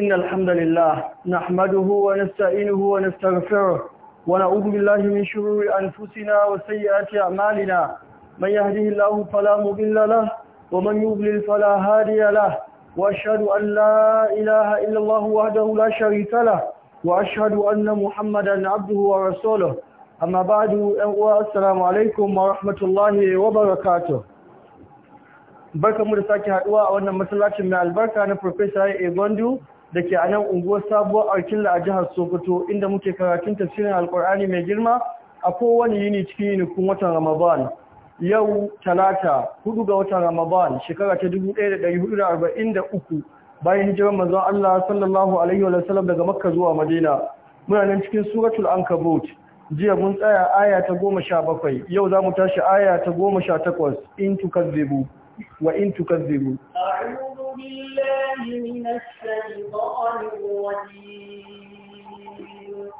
إن الحمد لله نحمده ونستعينه ونستغفره ونعوذ بالله من شرور أنفسنا وسيئات أعمالنا من يهده الله فلا مضل له ومن يضلل فلا هادي له وأشهد أن لا إله إلا الله وحده لا شريك له وأشهد أن محمدا عبده ورسوله أما بعد السلام عليكم ورحمة الله وبركاته barkamu da sake haduwa a wannan masallacin mai albarka na Professor Egondu da ke a nan unguwar sabuwar arkilla a jihar sokoto inda muke karatun tafsirin alkur'ani mai girma a kowane yini cikin yinikun watan ramadan yau talata hudu ga watan ramadan shekara ta 1443 bayan hijirar manzon Allah sallallahu alaihi wa sallam daga makka zuwa madina muna nan cikin suratul ankabut jiya mun tsaya aya ta goma sha bakwai yau za mu tashi aya ta goma sha takwas in tukazzibu wa in tukazzibu بالله من الشيطان الرجيم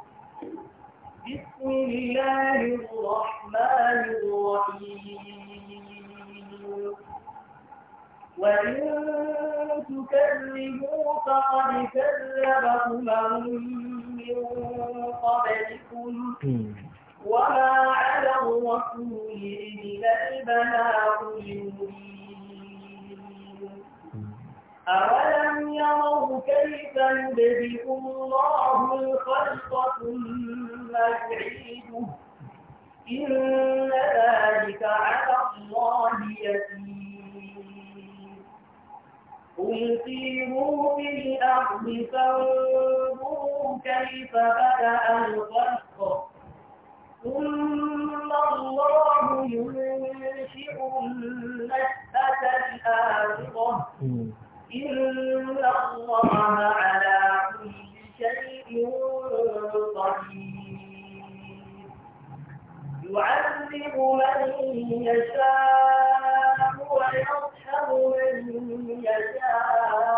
بسم الله الرحمن الرحيم وإن تكذبوا فقد كذب أمم من قبلكم وما على الرسول إلا البلاغ المبين أولم يروا كيف يبدئ الله الخلق ثم يعيده إن ذلك على الله يسير قل سيروا في الأرض فانظروا كيف بدأ الخلق ثم الله ينشئ النشأة الآخرة الله على كل شيء قدير يعذب من يشاء ويرحم من يشاء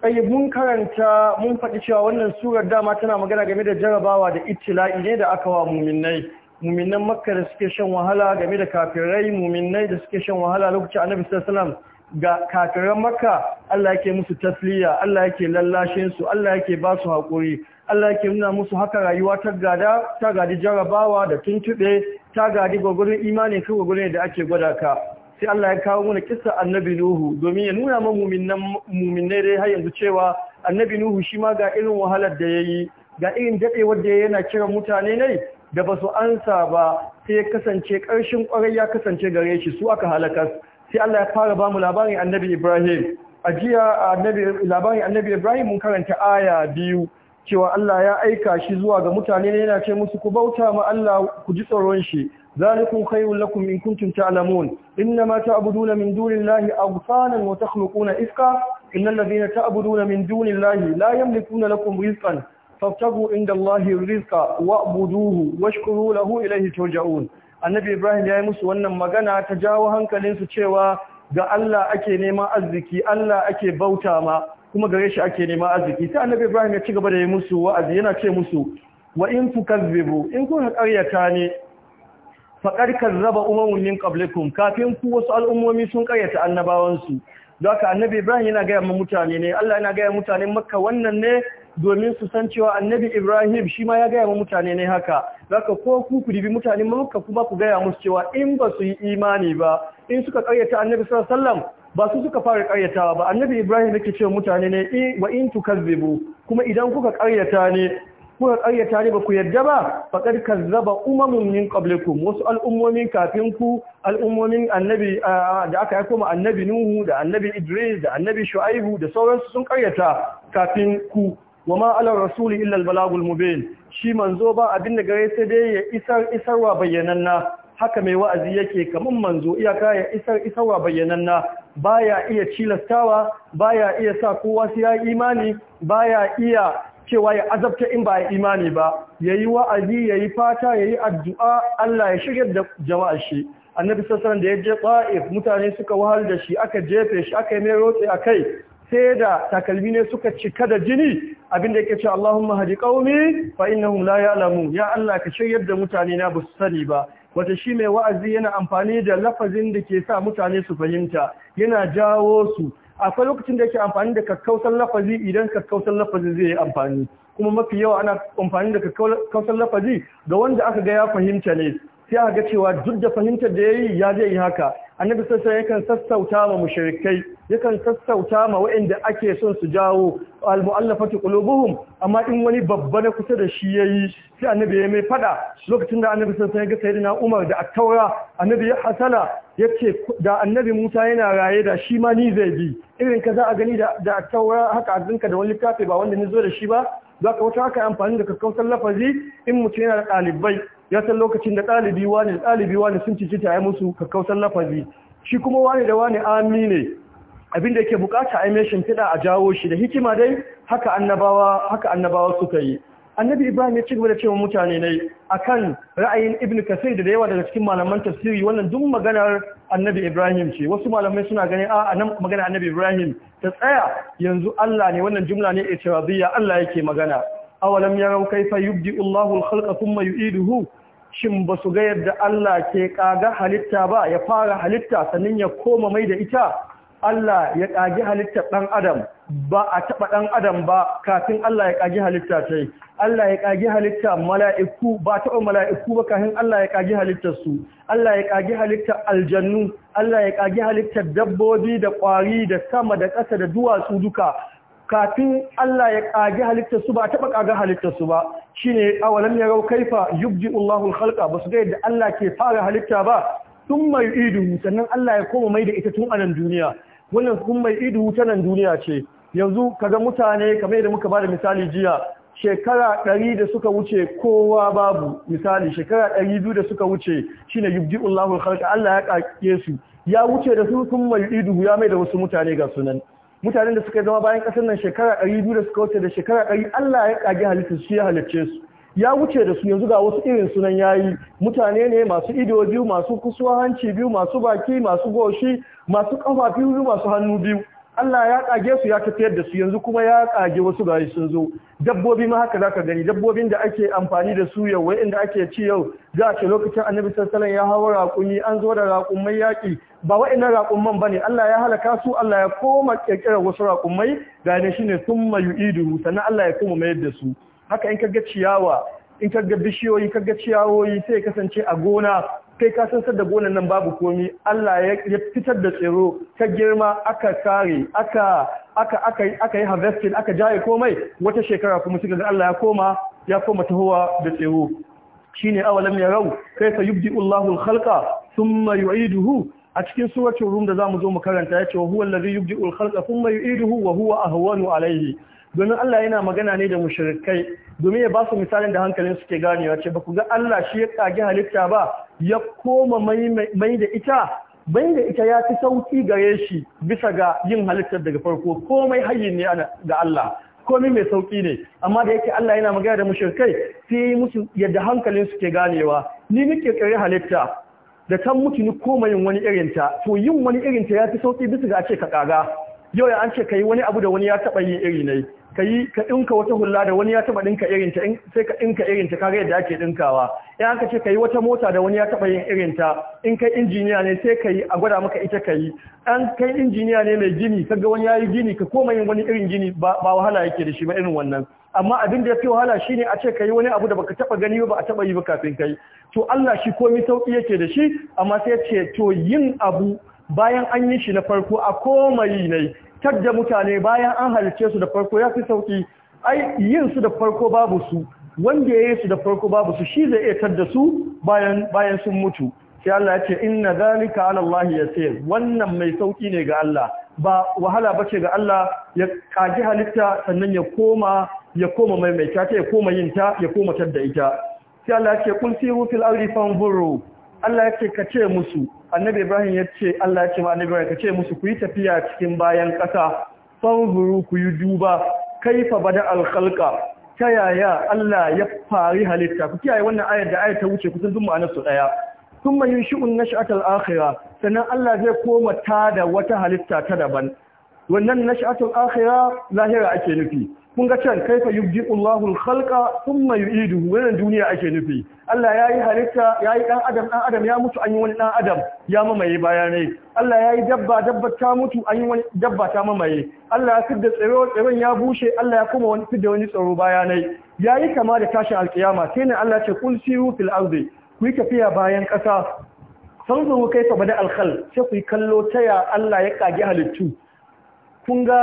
Ƙayyar mun karanta mun faɗi cewa wannan surar dama tana magana game da jarabawa da itila'i ne da aka wa muminai. muminan makka da suke shan wahala game da kafirai muminai da suke shan wahala lokacin annabi sallallahu ga kafiran makka Allah yake musu tasliya Allah yake lallashin su Allah yake ba su hakuri Allah yake nuna musu haka rayuwa ta gada ta gadi jarabawa da tuntube ta gadi gwagwarin imani ko gwagwarin da ake gwada ka sai Allah ya kawo mana kissa annabi Nuhu domin ya nuna ma muminan muminai dai har yanzu cewa annabi Nuhu shi ma ga irin wahalar da yayi ga irin dadewar da yana kiran mutane ne da ba su ansa ba sai ya kasance ƙarshen ƙwarai ya kasance gare shi su aka halaka sai Allah ya fara ba mu labarin annabi Ibrahim a jiya labarin annabi Ibrahim mun karanta aya biyu cewa Allah ya aika shi zuwa ga mutane ne yana ce musu ku bauta ma Allah ku ji tsoron shi zalikum khayrun lakum in kuntum ta'lamun innama ta'buduna min dunillahi awsanan wa takhluquna ifka innal ladhina ta'buduna min dunillahi la yamlikuna lakum rizqan faftagu inda Allahi rizqa wa'buduhu washkuru lahu ilayhi turja'un annabi Ibrahim ya yi musu wannan magana ta jawo su cewa ga Allah ake neman arziki Allah ake bauta ma kuma gare shi ake neman arziki Ta annabi Ibrahim ya ci gaba da yi musu wa'azi yana ce musu wa in tukazzibu in kun karyata ne faƙar kazzaba umamun min qablikum kafin ku wasu al'ummomi sun karyata annabawansu don haka annabi Ibrahim yana gaya mutane ne Allah yana gaya mutane makka wannan ne domin su san cewa annabi Ibrahim shi ma ya gaya wa mutane ne haka zaka ko ku ku dibi mutane maka kuma ku gaya musu cewa in ba su yi imani ba in suka karyata annabi sallallahu ba su suka fara karyatawa ba annabi Ibrahim yake cewa mutane ne wa in tukazzibu kuma idan kuka karyata ne kuka ƙaryata ne ba ku yadda ba faƙar kazzaba umamun min qablikum wasu al'ummomin kafin ku al'ummomin annabi da aka yi wa annabi Nuhu da annabi Idris da annabi Shu'aibu da sauransu sun karyata kafin ku wa ma ala rasuli illa albalagul mubin shi manzo ba abin da gare sai dai ya isar isarwa bayyananna haka mai wa'azi yake kaman manzo iyaka ya isar isarwa bayyananna baya iya cilastawa baya iya sa kowa sai ya imani baya iya cewa ya azabta in ba ya imani ba yayi wa'azi yayi fata yayi addu'a Allah ya shigar da jama'a shi annabi sassan da ya je ta'if mutane suka wahal da shi aka jefe shi aka yi mai rotse a kai sai da takalmi ne suka cika da jini abinda yake ce Allahumma hadi qaumi fa innahum la ya'lamun ya Allah ka shiryar da mutane na ba sani ba wato shi mai wa'azi yana amfani da lafazin da ke sa mutane su fahimta yana jawo su akwai lokacin da yake amfani da kakkausan lafazi idan kakkausan lafazi zai yi amfani kuma mafi yawa ana amfani da kakkausan lafazi ga wanda aka ga ya fahimta ne sai a ga cewa duk da fahimtar da yayi ya zai yi haka annabi ya yakan sassauta ma mushrikai yakan sassauta ma waɗanda ake son su jawo al-mu'allafati qulubuhum amma in wani babba na kusa da shi yayi sai annabi ya mai fada lokacin da annabi sassan ya ga sayyidina Umar da at annabi ya hasala yace da annabi Musa yana raye da shi ma ni zai bi irin kaza a gani da da haka azinka da wani littafi ba wanda ni zo da shi ba zaka wata haka amfani da kakkausar lafazi in mutum yana da ɗalibai ya san lokacin da ɗalibi wani ɗalibi wani sun cici ta ya musu kakkausar lafazi shi kuma wani da wani ami ne Abinda yake bukata a mai shimfiɗa a jawo shi da hikima dai haka annabawa haka annabawa suka yi annabi ibrahim ya ci gaba da cewa mutane ne akan ra'ayin ibn kasir da yawa daga cikin malaman tafsiri wannan duk maganar annabi ibrahim ce wasu malamai suna ganin a nan maganar annabi ibrahim ta tsaya yanzu allah ne wannan jumla ne itiradiyya allah yake magana awalam yarau kaifa yubdi allahu al-khalqa thumma yu'iduhu shin ba su ga yadda Allah ke kaga halitta ba ya fara halitta sannan ya koma mai da ita Allah ya kagi halittar ɗan adam ba a taɓa ɗan adam ba kafin Allah ya kagi halitta ta yi Allah ya kagi halitta mala'iku ba taɓa mala'iku ba kafin Allah ya kagi halittar su Allah ya kagi halittar aljannu Allah ya kagi halittar dabbobi da ƙwari da sama da ƙasa da duwatsu duka kafin Allah ya kage halittar su ba taba kage halittar su ba shine ya rau kaifa yubji Allahu al-khalqa basu ga yadda Allah ke fara halitta ba tun mai idu sannan Allah ya koma mai da ita tun anan duniya wannan kun mai idu ta nan duniya ce yanzu kaga mutane kamar yadda muka bada misali jiya shekara ɗari da suka wuce kowa babu misali shekara ɗari biyu da suka wuce shine Allahu al-khalqa Allah ya kake su ya wuce da su sun mai idu ya mai da wasu mutane ga sunan mutanen da suka zama bayan ƙasar nan shekara ɗari biyu da suka wuce da shekara ɗari Allah ya ƙage halittar shi ya halicce su ya wuce da su yanzu ga wasu irin sunan yayi mutane ne masu ido biyu masu kusuwa hanci biyu masu baki masu goshi masu ƙafa biyu masu hannu biyu Allah ya kage su ya tafiyar da su yanzu kuma ya kage wasu gari sun zo dabbobi ma haka zaka gani dabbobin da ake amfani da su yau inda ake ci yau za a ce lokacin annabi sallallahu ya hawa raƙumi an zo da raƙumai yaƙi ba wa'annan raƙumman ne. Allah ya halaka su Allah ya koma kirkirar wasu raƙumai ga ne shine mayu idu, sannan Allah ya koma mayar da su haka in kaga ciyawa in kaga bishiyoyi kaga ciyawoyi sai kasance a gona kai ka san sadda gonan nan babu komi Allah ya fitar da tsiro ta girma aka kare aka aka aka aka yi harvesting aka jaye komai wata shekara kuma suka ga Allah ya koma ya koma tahowa da tsiro shine awalam rau kaifa yubdi'u Allahu al-khalqa thumma yu'iduhu a cikin suratul rum da zamu zo mu karanta yace wa huwa allazi yubdi'u al-khalqa thumma yu'iduhu wa huwa ahwanu alayhi domin Allah yana magana ne da mushrikai domin ya ba su misalin da hankalin suke ganewa ce ba ku ga Allah shi ya kage halitta ba ya koma mai da ita bai da ita ya fi sauki gare shi bisa ga yin halittar daga farko komai hayyin ne ga Allah komai mai sauki ne amma da yake Allah yana magana da mushrikai sai musu yadda hankalin suke ganewa ni nake kare halitta da kan mutu ni komai wani wani irinta to yin wani irinta ya fi sauki bisa ga a ce ka kaga yau ya an ce ka yi wani abu da wani ya taɓa yin iri ne ka yi ka dinka wata hula da wani ya taba dinka irin ta sai ka dinka irin ta kaga yadda ake dinkawa in aka ce ka yi wata mota da wani ya taba yin irin ta in kai injiniya ne sai ka yi a gwada maka ita ka yi an kai injiniya ne mai gini kaga wani ya yi gini ka koma yin wani irin gini ba wahala yake da shi ba irin wannan amma abin da ya fi wahala shine a ce ka yi wani abu da baka taba gani ba a taba yi ba kafin kai to Allah shi komai sauki yake da shi amma sai ya ce to yin abu bayan an yi shi na farko a komai ne tadda mutane bayan an halice su da farko ya fi sauki ai yin su da farko babu su wanda ya yi su da farko babu su shi zai iya tadda su bayan sun mutu sai Allah ya ce inna zalika ala Allah yasir wannan mai sauki ne ga Allah ba wahala bace ga Allah ya kaji halitta sannan ya koma ya koma maimaita ta ya koma yin ta ya koma tadda ita sai Allah ya ce kun siru fil ardi fanzuru Allah ya ce ka ce musu annabi Ibrahim ya ce Allah ya ce ma annabi ka ce musu ku yi tafiya cikin bayan ƙasa fanzuru ku yi duba kaifa bada alkhalqa ta yaya Allah ya fari halitta ku kiyaye wannan ayar da ayar ta wuce kusan duk ɗaya su daya shi'un na sha'atar akhirah sannan Allah zai koma ta da wata halitta ta daban wannan nash'atul akhirah lahira ake nufi kun ga can kaifa yubdi Allahu al-khalqa thumma yu'iduhu wannan duniya ake nufi Allah yayi halitta yayi dan adam dan adam ya mutu an yi wani dan adam ya mamaye bayanai Allah yayi dabba dabba ta mutu an yi wani dabba ta mamaye Allah ya fidda tsiro tsiron ya bushe Allah ya kuma wani fidda wani tsaro bayanai yayi kama da tashin alkiyama sai ne Allah ya ce kul siru fil ardi ku yi tafiya bayan ƙasa sanzuru kaifa bada al-khalq sai ku kallo taya Allah ya kage halittu kun ga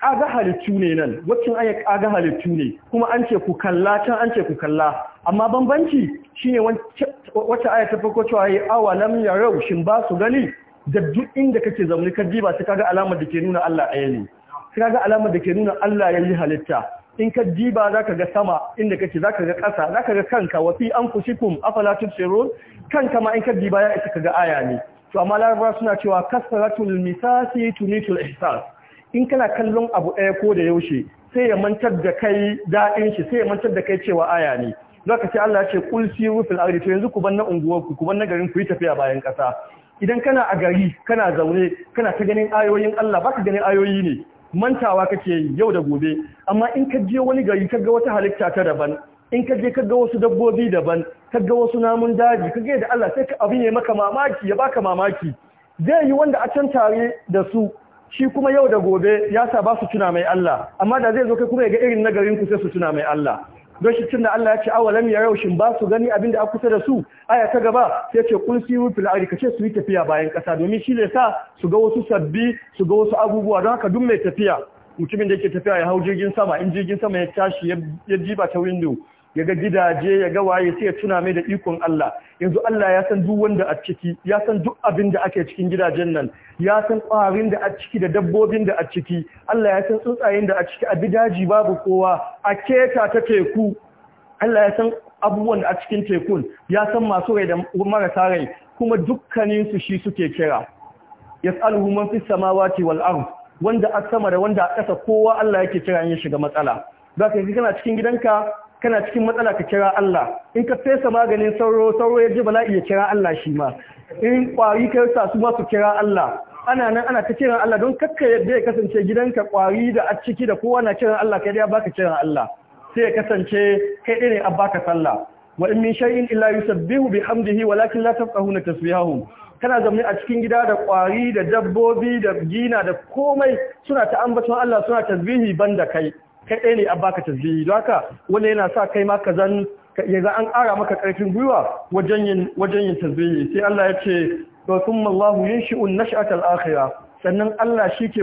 kaga halittu ne nan waccan aya kaga halittu ne kuma an ce ku kalla can an ce ku kalla amma bambanci shine wacce aya ta farko cewa yi awa lam rau, shin ba su gani da duk inda kake zaune ka jiba ba sai kaga alamar da ke nuna Allah ɗaya ne sai kaga alamar da ke nuna Allah ya yi halitta in ka jiba za ka ga sama inda kake za ka ga ƙasa za ka ga kanka wafi an kun afala tusirun kanka ma in ka jiba ya isa ka ga aya ne to amma larabawa suna cewa kasratul misasi tunitul ihsas in kana kallon abu ɗaya ko da yaushe sai ya mantar da kai daɗin shi sai ya mantar da kai cewa aya ne zaka ce Allah ce kul siru fil ardi to yanzu ku ban na unguwar ku ku na garin ku yi tafiya bayan ƙasa idan kana a gari kana zaune kana ta ganin ayoyin Allah baka ganin ayoyi ne mantawa kake yi yau da gobe amma in ka je wani gari ka ga wata halitta ta daban in ka je ka ga wasu dabbobi daban ka ga wasu namun daji ka ga da Allah sai ka abin ya maka mamaki ya baka mamaki zai yi wanda a can tare da su shi kuma yau da gobe ya sa ba su tuna mai Allah amma da zai zo kai kuma ya ga irin nagarin ku sai su tuna mai Allah don shi cin da Allah ya ce awalam ya raushin ba su gani abin da a kusa da su aya ta gaba sai ce kun siru fil ardi ce su yi tafiya bayan kasa domin shi ne sa su ga wasu sabbi su ga wasu abubuwa don haka duk mai tafiya mutumin da yake tafiya ya hau jirgin sama in jirgin sama ya tashi ya jiba ta windo. ya ga gidaje ya ga waye sai ya tuna mai da ikon Allah yanzu Allah ya san duk wanda a ciki ya san duk abin da ake cikin gidajen nan ya san ƙwarin da a ciki da dabbobin da a ciki Allah ya san tsuntsayen da a ciki a gidaji babu kowa a keta ta teku Allah ya san abubuwan da a cikin tekun ya san masu rai da marasa rai kuma dukkanin su shi suke kira yas'aluhu man fis samawati wal ard wanda a sama da wanda a ƙasa kowa Allah yake kira in ya shiga matsala zaka yi kana cikin gidanka kana cikin matsala ka kira Allah in ka fesa maganin sauro sauro ya ji bala'i ya kira Allah shi ma in kwari ka yi su ma su kira Allah ana nan ana ta kiran Allah don kakka yadda ya kasance gidanka kwari da a ciki da kowa na kiran Allah kai ya baka kiran Allah sai ya kasance kai ɗaya ne a baka sallah wa in min shay'in illa yusabbihu bihamdihi walakin la tafqahuna tasbihahum kana zaune a cikin gida da kwari da dabbobi da gina da komai suna ta ambaton Allah suna tasbihi banda kai kai ɗaya ne an baka tasbihi don haka wani yana sa kai ma ka zan yanzu an ƙara maka ƙarfin gwiwa wajen yin wajen yin tasbihi sai Allah ya ce to thumma Allahu yunshi'u shi nashata al-akhirah sannan Allah shike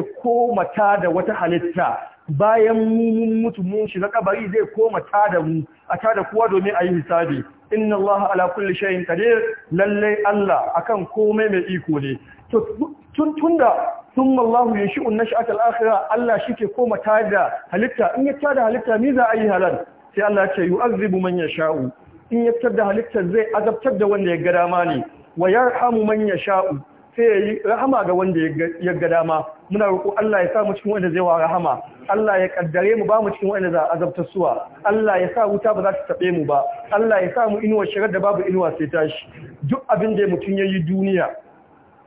ta da wata halitta bayan mun mutu mun shiga kabari zai koma da mu a da kowa domin a yi hisabi inna Allah ala kulli shay'in qadir lalle Allah akan komai mai iko ne tun da sun mallahu ya shi'un na sha'atar akira Allah shi ke koma da halitta in ya da halitta ni za a yi halar sai Allah ce yi arzibu man ya sha'u in ya da halitta zai azabtar da wanda ya ga dama ne wa ya rahamu man ya sha'u sai ya yi rahama ga wanda ya ga dama muna roƙo Allah ya sa mu cikin wanda zai wa rahama Allah ya kaddare mu ba mu cikin wanda za a suwa Allah ya sa wuta ba za ta taɓe mu ba Allah ya sa mu inuwa shirar da babu inuwa sai tashi duk abin da mutum ya yi duniya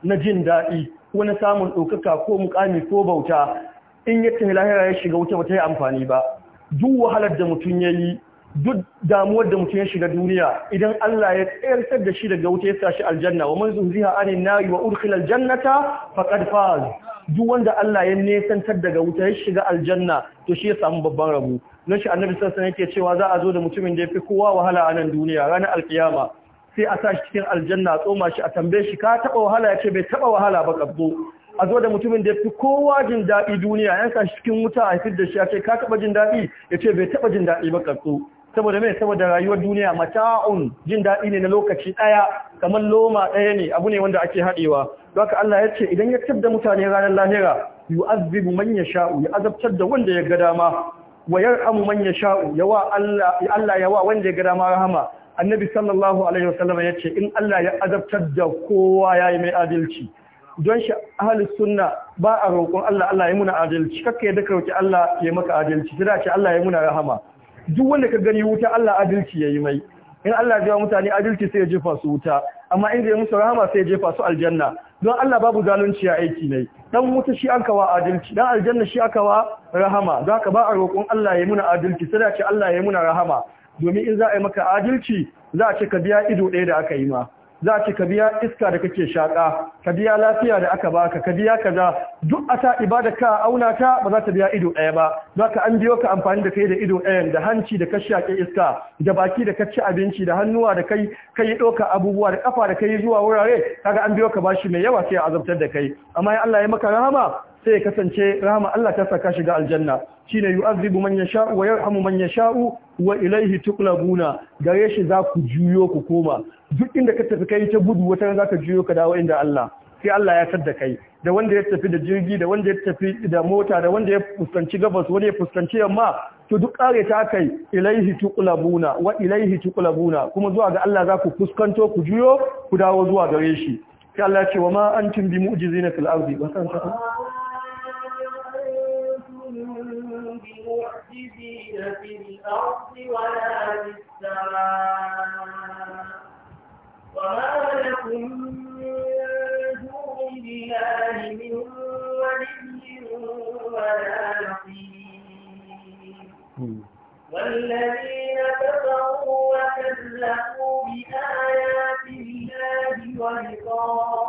na jin daɗi ko samun ɗaukaka ko mukami ko bauta in ya lahira ya shiga wuta ba ta amfani ba duk wahalar da mutum ya yi duk damuwar da mutum ya shiga duniya idan Allah ya tsayar da shi daga wuta ya sa shi aljanna wa man zuhziha anin nari wa udkhila aljannata faqad faz duk wanda Allah ya nesantar daga wuta ya shiga aljanna to shi ya samu babban rabo nan shi annabi sallallahu alaihi yake cewa za a zo da mutumin da yafi kowa wahala a nan duniya ranar alkiyama sai a sa shi cikin aljanna tsoma shi a tambaye shi ka taba wahala ya ce bai taba wahala ba kabbo a zo da mutumin da ya fi kowa jin daɗi duniya yan sa shi cikin wuta a fitar da shi ya ce ka taba jin daɗi ya ce bai taba jin daɗi ba kabbo saboda mai saboda rayuwar duniya mata'un jin daɗi ne na lokaci ɗaya kamar loma ɗaya ne abu ne wanda ake haɗewa don haka Allah ya ce idan ya da mutane ranar lahira yu'azzibu man yasha'u ya azabtar da wanda ya ga dama wa yarhamu man yasha'u wa Allah Allah wa wanda ya ga dama rahama annabi sallallahu alaihi wasallam ya ce in Allah ya azabtar da kowa ya yi mai adalci don shi ahli sunna ba a roƙon Allah Allah ya muna adalci kakka yadda ka roƙi Allah ya maka adalci sai ce Allah ya muna rahama duk wanda ka gani wuta Allah adalci ya yi mai in Allah ya mutane adalci sai ya jefa su wuta amma in ya musu rahama sai ya jefa su aljanna don Allah babu zalunci ya aiki ne dan wuta shi aka wa adalci dan aljanna shi aka wa rahama don haka ba a roƙon Allah ya muna adalci sai ce Allah ya muna rahama domin in za a yi maka adalci za a ce ka biya ido ɗaya da aka yi ma za a ce ka biya iska da kake shaƙa ka biya lafiya da aka baka ka biya kaza duk a ta ibada ka auna ta ba za ta biya ido ɗaya ba za ka an biyo ka amfani da kai da ido ɗayan da hanci da ka shaƙe iska da baki da ka ci abinci da hannuwa da kai ka yi ɗauka abubuwa da ƙafa da ka yi zuwa wurare kaga an biyo ka bashi mai yawa sai a azabtar da kai amma in Allah ya maka rahama sai ya kasance rahama Allah ta saka shiga aljanna shine yu'azibu man yasha'u wa yarhamu man yasha'u wa ilayhi tuqlabuna gare shi za ku juyo ku koma duk inda ka tafi kai ta gudu wata za ka juyo ka dawo inda Allah sai Allah ya tadda kai da wanda ya tafi da jirgi da wanda ya tafi da mota da wanda ya fuskanci gabas wanda ya fuskanci yamma to duk kare ta kai ilaihi tuqlabuna wa ilayhi tuqlabuna kuma zuwa ga Allah za ku fuskanto ku juyo ku dawo zuwa gare shi sai Allah ya ce wa ma antum bi mu'ujizi fil ardi ba san بمعجزين في الأرض ولا في السماء وما لكم من دون الله من ولي ولا نصير والذين كفروا وكذبوا بآيات الله ولقائه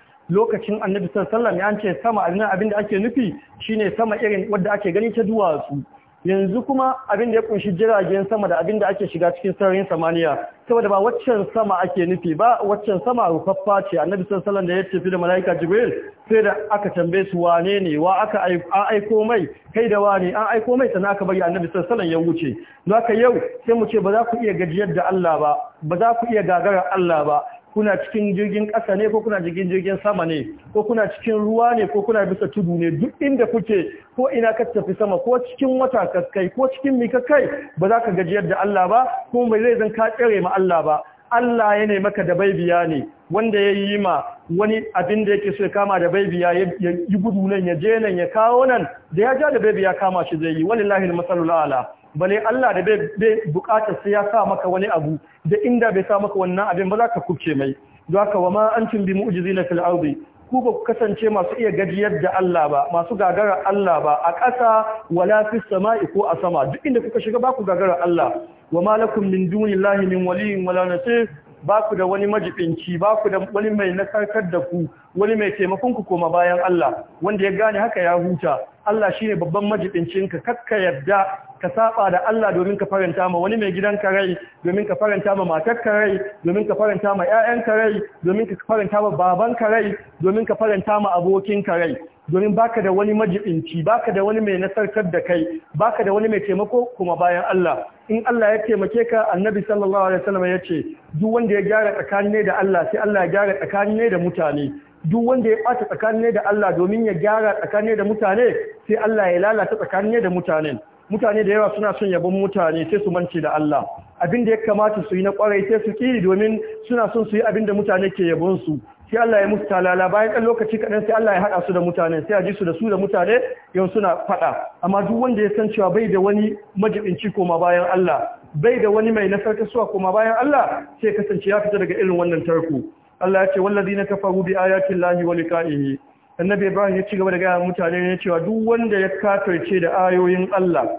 lokacin annabi sallallahu alaihi wasallam ce sama abin abin da ake nufi shine sama irin wanda ake gani ta duwatsu yanzu kuma abin da ya kunshi jiragen sama da abin da ake shiga cikin sararin samaniya saboda ba waccan sama ake nufi ba waccan sama rufaffa ce annabi sallallahu da ya tafi da malaika jibril sai da aka tambaye su wane ne wa aka aiko mai kai da wane an aiko mai sannan aka bari annabi sallallahu ya wuce don haka yau sai mu ce ba za ku iya gajiyar da Allah ba ba za ku iya gagarar Allah ba kuna cikin jirgin ƙasa ne ko kuna jirgin jirgin sama ne ko kuna cikin ruwa ne ko kuna bisa tudu ne duk inda kuke ko ina ka tafi sama ko cikin wata kaskai ko cikin mika kai ba za ka gajiyar da Allah ba ko mai zai zan ka tsere ma Allah ba Allah ya ne maka da baibiya ne wanda ya yi ma wani abin da yake so ya kama da baibiya ya yi gudu nan ya je nan ya kawo nan da ya ja da baibiya kama shi zai yi wallahi al-masalul ala bale Allah da bai bukatar sai ya sa maka wani abu da inda bai sa maka wannan abin ba za ka kubce mai don haka wa ma an cin bi mu'jizina fil ardi ku ba ku kasance masu iya gajiyar da Allah ba masu gagara Allah ba a ƙasa wala fi sama'i ko a sama duk inda kuka shiga ba ku gagarar Allah wa ma lakum min dunillahi min waliyyin wala nasir ba ku da wani majibinci ba ku da wani mai nakarkar da ku wani mai taimakon ku koma bayan Allah wanda ya gane haka ya huta Allah shine babban majibincinka kakka yadda ka saba da Allah domin ka faranta ma wani mai gidan rai domin ka faranta ma matar rai domin ka faranta ma ƴaƴan rai domin ka faranta ma baban rai domin ka faranta ma abokin rai domin baka da wani majibinci baka da wani mai nasarkar da kai baka da wani mai taimako kuma bayan Allah in Allah ya taimake ka annabi sallallahu alaihi wasallam ya ce duk wanda ya gyara tsakanin ne da Allah sai Allah ya gyara tsakanin ne da mutane duk wanda ya ɓata tsakanin ne da Allah domin ya gyara tsakanin ne da mutane sai Allah ya lalata tsakanin ne da mutanen mutane da yawa suna son yabon mutane sai su mance da Allah abin da ya kamata su yi na kwarai sai su kiri domin suna son su yi abin da mutane ke yabon su sai Allah ya musu talala bayan ɗan lokaci kaɗan sai Allah ya haɗa su da mutane sai a ji su da su da mutane yau suna faɗa amma duk wanda ya san cewa bai da wani majibinci koma bayan Allah bai da wani mai nasarta suwa koma bayan Allah sai kasance ya fita daga irin wannan tarko Allah ya ce wallazina kafaru bi ayati llahi wa liqa'ihi annabi ibrahim ya ci gaba da gaya mutane ne cewa duk wanda ya kafirce da ayoyin Allah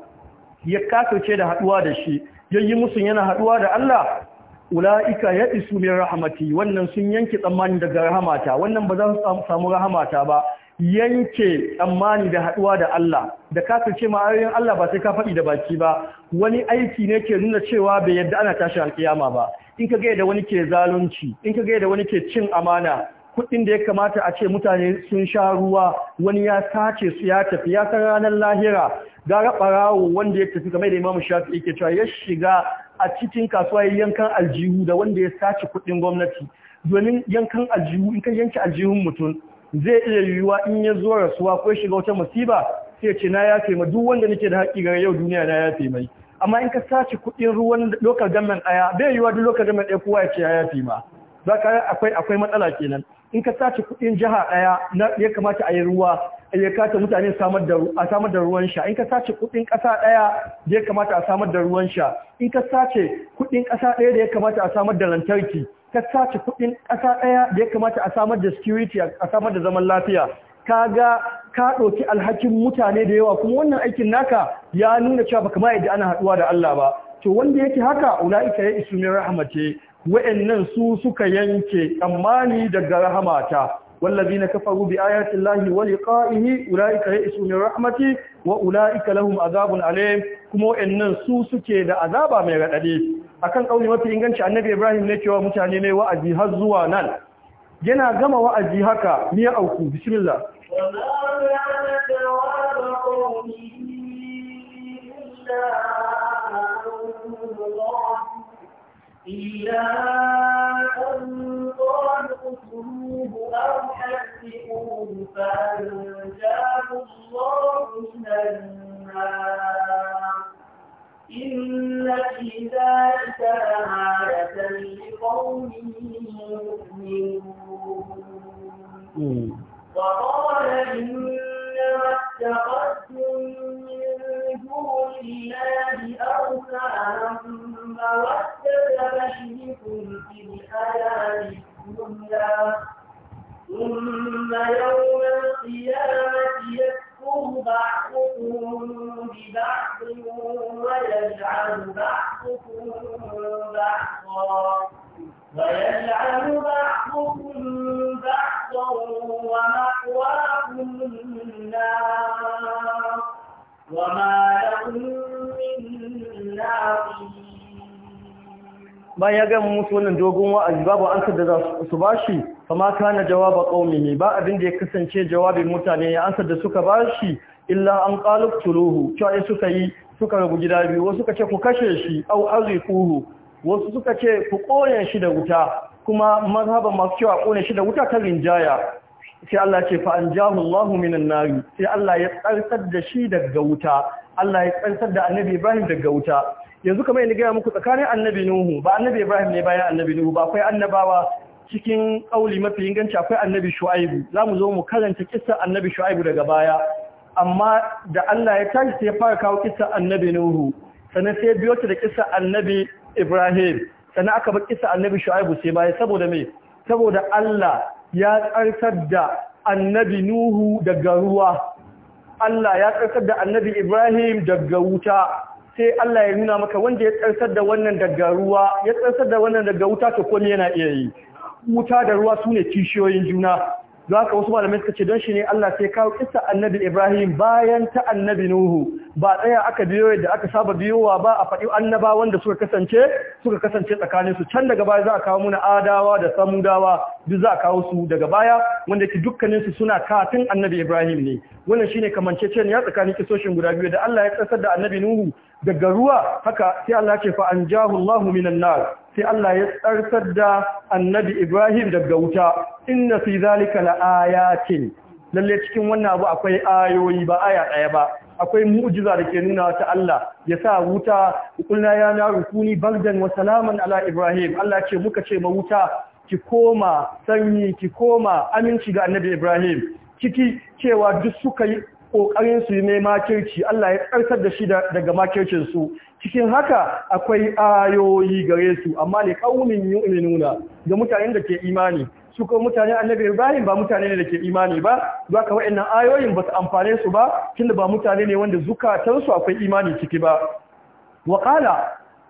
ya kafirce da haduwa da shi yayi musu yana haduwa da Allah ula'ika ya isu min rahamati wannan sun yanke tsammani daga rahamata wannan ba za su samu rahamata ba yanke tsammani da haduwa da Allah da kafirce ma ayoyin Allah ba sai ka faɗi da baki ba wani aiki ne ke nuna cewa bai yadda ana tashi alƙiyama ba in ka ga da wani ke zalunci in ka ga da wani ke cin amana kuɗin da ya kamata a ce mutane sun sha ruwa wani ya sace su ya tafi ya san ranar lahira gara ɓarawo wanda ya tafi game da imamu shafi yake cewa ya shiga a cikin kasuwa ya yankan aljihu da wanda ya sace kuɗin gwamnati domin yankan aljihu in ka yanke aljihun mutum zai iya yiwuwa in ya zo rasuwa ko shiga wata musiba sai ce na ya ma duk wanda nake da haƙƙi ga yau duniya na ya mai amma in ka sace kuɗin ruwan local government ɗaya bai yiwuwa duk local government ɗaya kowa ya ce ya yafe ma za akwai matsala kenan in ka sace kudin jiha ɗaya, na ya kamata a yi ruwa ya kata mutane a samar da ruwan sha in ka sace kudin kasa daya da ya kamata a samar da ruwan sha in ka sace kudin kasa daya da ya kamata a samar da lantarki ka sace kudin kasa ɗaya, da ya kamata a samar da security a samar da zaman lafiya kaga ka ɗauki alhakin mutane da yawa kuma wannan aikin naka ya nuna cewa baka ma yadda ana haɗuwa da Allah ba to wanda yake haka ulaika ya isu min rahmati wa'annan su suka yanke kamani daga rahamata wallazi na kafaru bi ayati llahi wa liqa'ihi ulaika ya'isu min rahmati wa ulaika lahum azabun alim kuma wa'annan su suke da azaba mai radade akan kauli mafi inganci annabi ibrahim ne cewa mutane ne wa'azi har zuwa nan yana gama wa'azi haka ni auku bismillah wa إلا أن طالقوه أو حرقوه فأنجاه الله من النار إن في ذلك لآية لقوم يؤمنون وقال إنما اتخذتم من دون الله أوثانا مودة عليكم إذ آلالكم لا ثم يوم القيامة يكفر بعضكم ببعض ويجعل بعضكم بعضا ويجعل bayan ya gama musu wannan dogon wa'azi babu ansar da za su bashi fama kana jawaba ne. ba abin da ya kasance jawabin mutane ya ansa da suka bashi illa an qaluqtuluhu cewa suka yi suka rabu gida biyu wasu suka ce ku kashe shi au azriquhu wasu suka ce ku koyen shi da wuta kuma mazhaban masu cewa kone shi da wuta ta rinjaya sai Allah ce fa anjahu Allahu minan nari sai Allah ya tsantsar da shi daga wuta Allah ya tsantsar da Annabi Ibrahim daga wuta yanzu kamar yadda gaya muku tsakanin annabi nuhu ba annabi ibrahim ne bayan annabi nuhu ba akwai annabawa cikin kauli mafi inganci akwai annabi shu'aibu za mu zo mu karanta kissa annabi shu'aibu daga baya amma da Allah ya tashi sai ya fara kawo kissa annabi nuhu sannan sai ya biyo ta da kissa annabi ibrahim sannan aka bar kissa annabi shu'aibu sai baya saboda me saboda Allah ya tsarkar da annabi nuhu daga ruwa Allah ya tsartar da annabi ibrahim daga wuta sai Allah ya nuna maka wanda ya tsarsar da wannan daga ruwa ya tsarsar da wannan daga wuta ta komai yana iya yi wuta da ruwa sune kishiyoyin juna za ka wasu malamai suka ce don shi ne Allah sai kawo kisa annabi Ibrahim bayan ta annabi Nuhu ba tsaya aka biyo yadda aka saba biyowa ba a faɗi annaba wanda suka kasance suka kasance tsakanin su can daga baya za a kawo muna adawa da samudawa duk za a kawo su daga baya wanda ke dukkanin su suna katin annabi Ibrahim ne wannan shine kamancecen ya tsakanin kisoshin guda biyu da Allah ya tsasar da annabi Nuhu daga ruwa haka sai Allah ce fa anjahu Allahu minan nar sai Allah ya tsartar da annabi Ibrahim daga wuta inna fi zalika laayatin lalle cikin wannan abu akwai ayoyi ba aya daya ba akwai mu'jiza da ke nuna ta Allah ya sa wuta kullana ya na rukuni bardan wa salaman ala Ibrahim Allah ce muka ce ma wuta ki koma sanyi ki koma aminci ga annabi Ibrahim ciki cewa duk suka ƙoƙarin su ne makirci Allah ya ƙarsar da shi daga makircin su cikin haka akwai ayoyi gare su amma ne qaumin yu'minuna ga mutanen da ke imani su kuma mutane annabi Ibrahim ba mutane ne da ke imani ba Ba ka wa'annan ayoyin ba su amfane su ba tunda ba mutane ne wanda zukatansu akwai imani ciki ba wa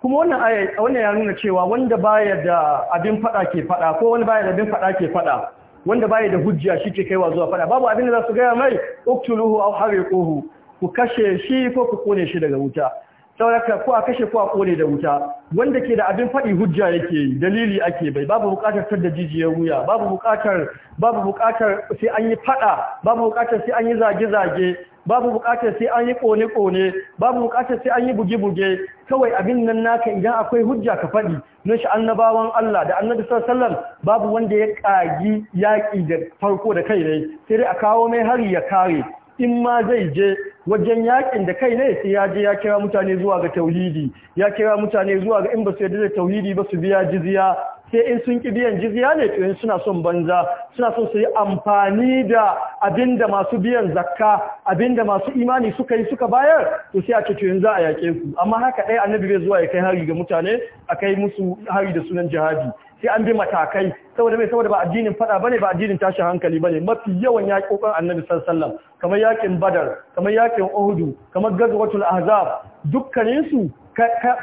kuma wannan aya wannan ya nuna cewa wanda baya da abin fada ke fada ko wani baya da abin fada ke fada wanda baya da hujja shi ke kaiwa zuwa fada babu abin da za su gaya mai uktuluhu aw hariquhu ku kashe shi ko ku kone shi daga wuta sauraka ko a kashe ko a kone da wuta wanda ke da abin faɗi hujja yake dalili ake bai babu buƙatar tar jijiyar wuya babu bukatar babu buƙatar sai an yi faɗa babu bukatar sai an yi zage-zage babu bukatar sai an yi kone-kone babu bukatar sai an yi buge-buge kawai abin nan naka idan akwai hujja ka faɗi na shi annabawan Allah da annabi sallallahu babu wanda ya kagi yaƙi da farko da kai ne sai dai a kawo mai hari ya kare in ma zai je wajen yaƙin da kai ne sai ya je ya kira mutane zuwa ga tauhidi ya kira mutane zuwa ga in ba su yarda da tauhidi ba su biya jizya sai in sun ƙi biyan jizya ne to in suna son banza suna son su yi amfani da abinda masu biyan zakka abinda masu imani suka yi suka bayar to sai a ce to yanzu a yaƙe ku amma haka ɗaya annabi bai zuwa ya kai hari ga mutane a kai musu hari da sunan jihadi sai an bi matakai saboda mai saboda ba addinin fada bane ba addinin tashin hankali bane mafi yawan yaƙoƙin annabi sallallahu alaihi wasallam kamar yaƙin badar kamar yaƙin uhudu kamar gazwatul ahzab dukkaninsu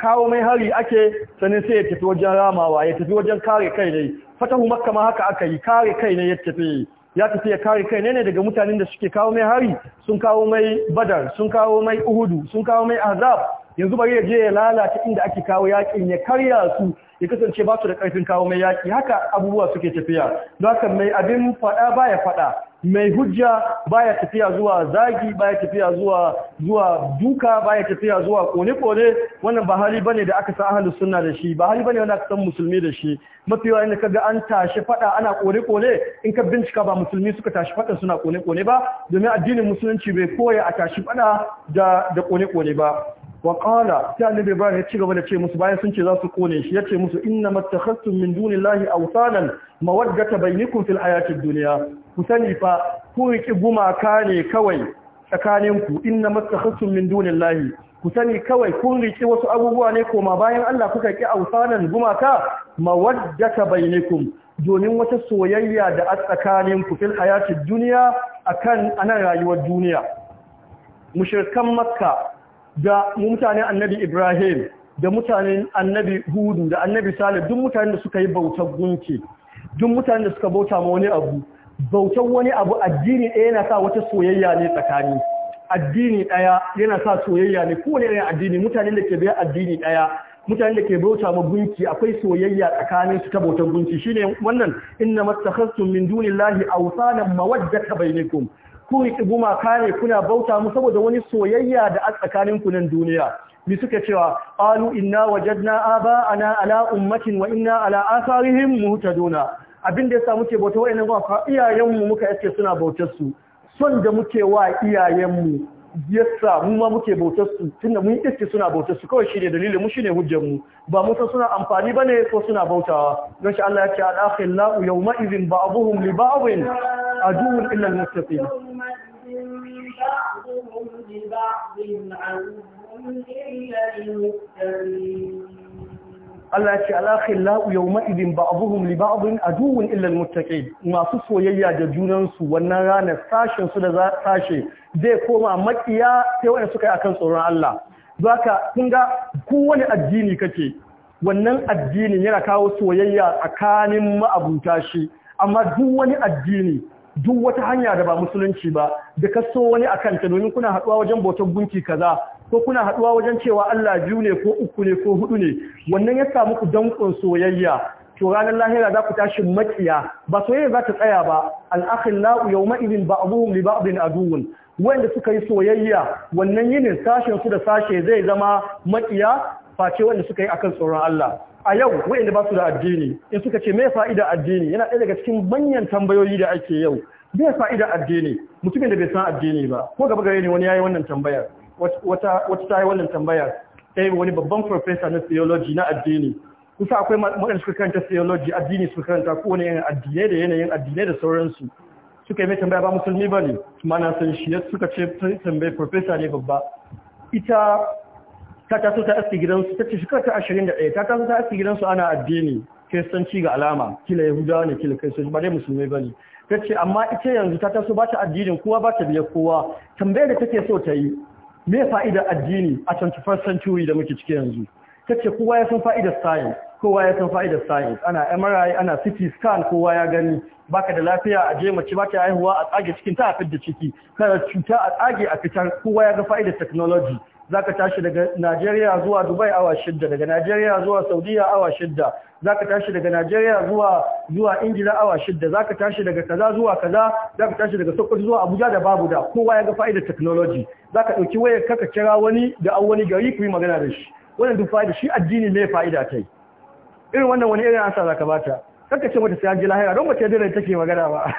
kawo mai hari ake sanin sai ya tafi wajen ramawa ya tafi wajen kare kai ne fatahu makka ma haka aka yi kare kai ne ya tafi ya tafi ya kare kai ne daga mutanen da suke kawo mai hari sun kawo mai badar sun kawo mai uhudu sun kawo mai azab yanzu bari ya je ya lalata inda ake kawo yakin ya karya su ya kasance ba su da karfin kawo mai yaki haka abubuwa suke tafiya don haka mai abin faɗa baya faɗa mai hujja baya tafiya zuwa zagi baya tafiya zuwa zuwa duka baya tafiya zuwa kone-kone wannan ba hali bane da aka san ahlus sunna da shi ba hali bane wanda aka san musulmi da shi mafi yawa ka ga an tashi fada ana kone-kone in ka bincika ba musulmi suka tashi fada suna kone-kone ba domin addinin musulunci bai koya a tashi fada da da kone-kone ba wa qala sai annabi ibrahim ya ci gaba da ce musu bayan sun ce za su kone shi ya ce musu inna mattakhastum min dunillahi awsanan mawaddata bainakum fil hayatid dunya ku sani fa ku riki gumaka ne kawai tsakaninku inna mattakhastum min dunillahi ku sani kawai kun riki wasu abubuwa ne koma bayan Allah kuka ki awsanan gumaka mawaddata bainakum domin wata soyayya da a tsakaninku fil hayatid dunya akan anan rayuwar duniya mushrikan makka da mutanen annabi Ibrahim da mutanen annabi Hudu da annabi Salih duk mutanen da suka yi bautar gunki duk mutanen da suka bauta ma wani abu bautar wani abu addini ɗaya yana sa wata soyayya ne tsakani addini ɗaya yana sa soyayya ne kowane irin addini mutanen da ke bayan addini ɗaya mutane da ke bauta ma gunki akwai soyayya tsakanin su ta bautar gunki shine wannan inna mastakhastum min dunillahi awsanan mawaddata bainakum ku riƙi gumaka ne kuna bauta mu saboda wani soyayya da a tsakanin ku nan duniya mi suke cewa alu inna wajadna ana ala ummatin wa inna ala atharihim muhtaduna abin da yasa muke bauta wayannan gumaka iyayen mu muka yace suna bautar su son da muke wa iyayen mu yasa mu ma muke bautar su tunda mun iske suna bautar su kawai shine dalilin mu shine hujjar mu ba mu san suna amfani bane ko suna bautawa don shi Allah ya ce al-akhillahu yawma idhin ba'dhum li ba'dhin عدو إلا المتقين Allah ce alakhir la'u yau ma'idin ba'abuhum li ba'abun aduwun illal muttaqin masu soyayya da junansu wannan ranar sashen su da sashe zai koma maƙiya sai wanda suka yi akan tsoron Allah zaka kun ga kowane addini kake wannan addinin yana kawo soyayya tsakanin ma'abuta shi amma duk wani addini duk wata hanya da ba musulunci ba da ka so wani a kanta domin kuna haɗuwa wajen bautar gunki kaza ko kuna haɗuwa wajen cewa Allah biyu ne ko uku ne ko hudu ne wannan ya samu ku dankon soyayya to ranar lahira za ku tashi makiya ba soyayya za ta tsaya ba al la yawma idin ba'dhum li ba'din aduwwun wanda suka yi soyayya wannan yinin sashen su da sashe zai zama makiya face wanda suka yi akan tsoron Allah a yau wa'inda ba su da addini in suka ce me fa'ida addini yana ɗaya daga cikin manyan tambayoyi da ake yau me fa'ida addini mutumin da bai san addini ba ko gaba gare ne wani yayi wannan tambayar wata ta yi wannan tambayar ɗaya wani babban profesa na theology na addini kusa akwai waɗanda suka karanta theology addini suka karanta ko wani yanayin addinai da yanayin addinai da sauransu suka yi mai tambaya ba musulmi ba ne mana san shi suka ce tambayar profesa ne babba ita ta taso ta aski gidansu ta ce shekara ta ɗaya ta taso ta aski gidansu ana addini kiristanci ga alama kila yahudawa ne kila kiristanci ba dai musulmai ba ne ta ce amma ita yanzu ta taso ba ta addinin kowa ba ta biya kowa tambayar da take so ta yi me fa'idar addini a 21st century da muke ciki yanzu ta ce kowa ya san fa'idar science kowa ya san fa'idar science ana MRI ana CT scan kowa ya gani baka da lafiya a je mace baka haihuwa a tsage cikin ta a fidda ciki kada cuta a tsage a fitar kowa ya ga fa'idar technology zaka tashi daga Najeriya zuwa Dubai awa shidda daga Najeriya zuwa Saudiya awa shidda zaka tashi daga Najeriya zuwa zuwa Ingila awa shidda zaka tashi daga kaza zuwa kaza zaka tashi daga Sokoto zuwa Abuja da babu da kowa ya ga fa'idar technology zaka dauki wayar kaka kira wani da an wani gari ku yi magana da shi wannan duk fa'ida shi addini ne fa'ida kai irin wannan wani irin ansa zaka bata kaka ce mata sai an ji lahira don ba ce dare take magana ba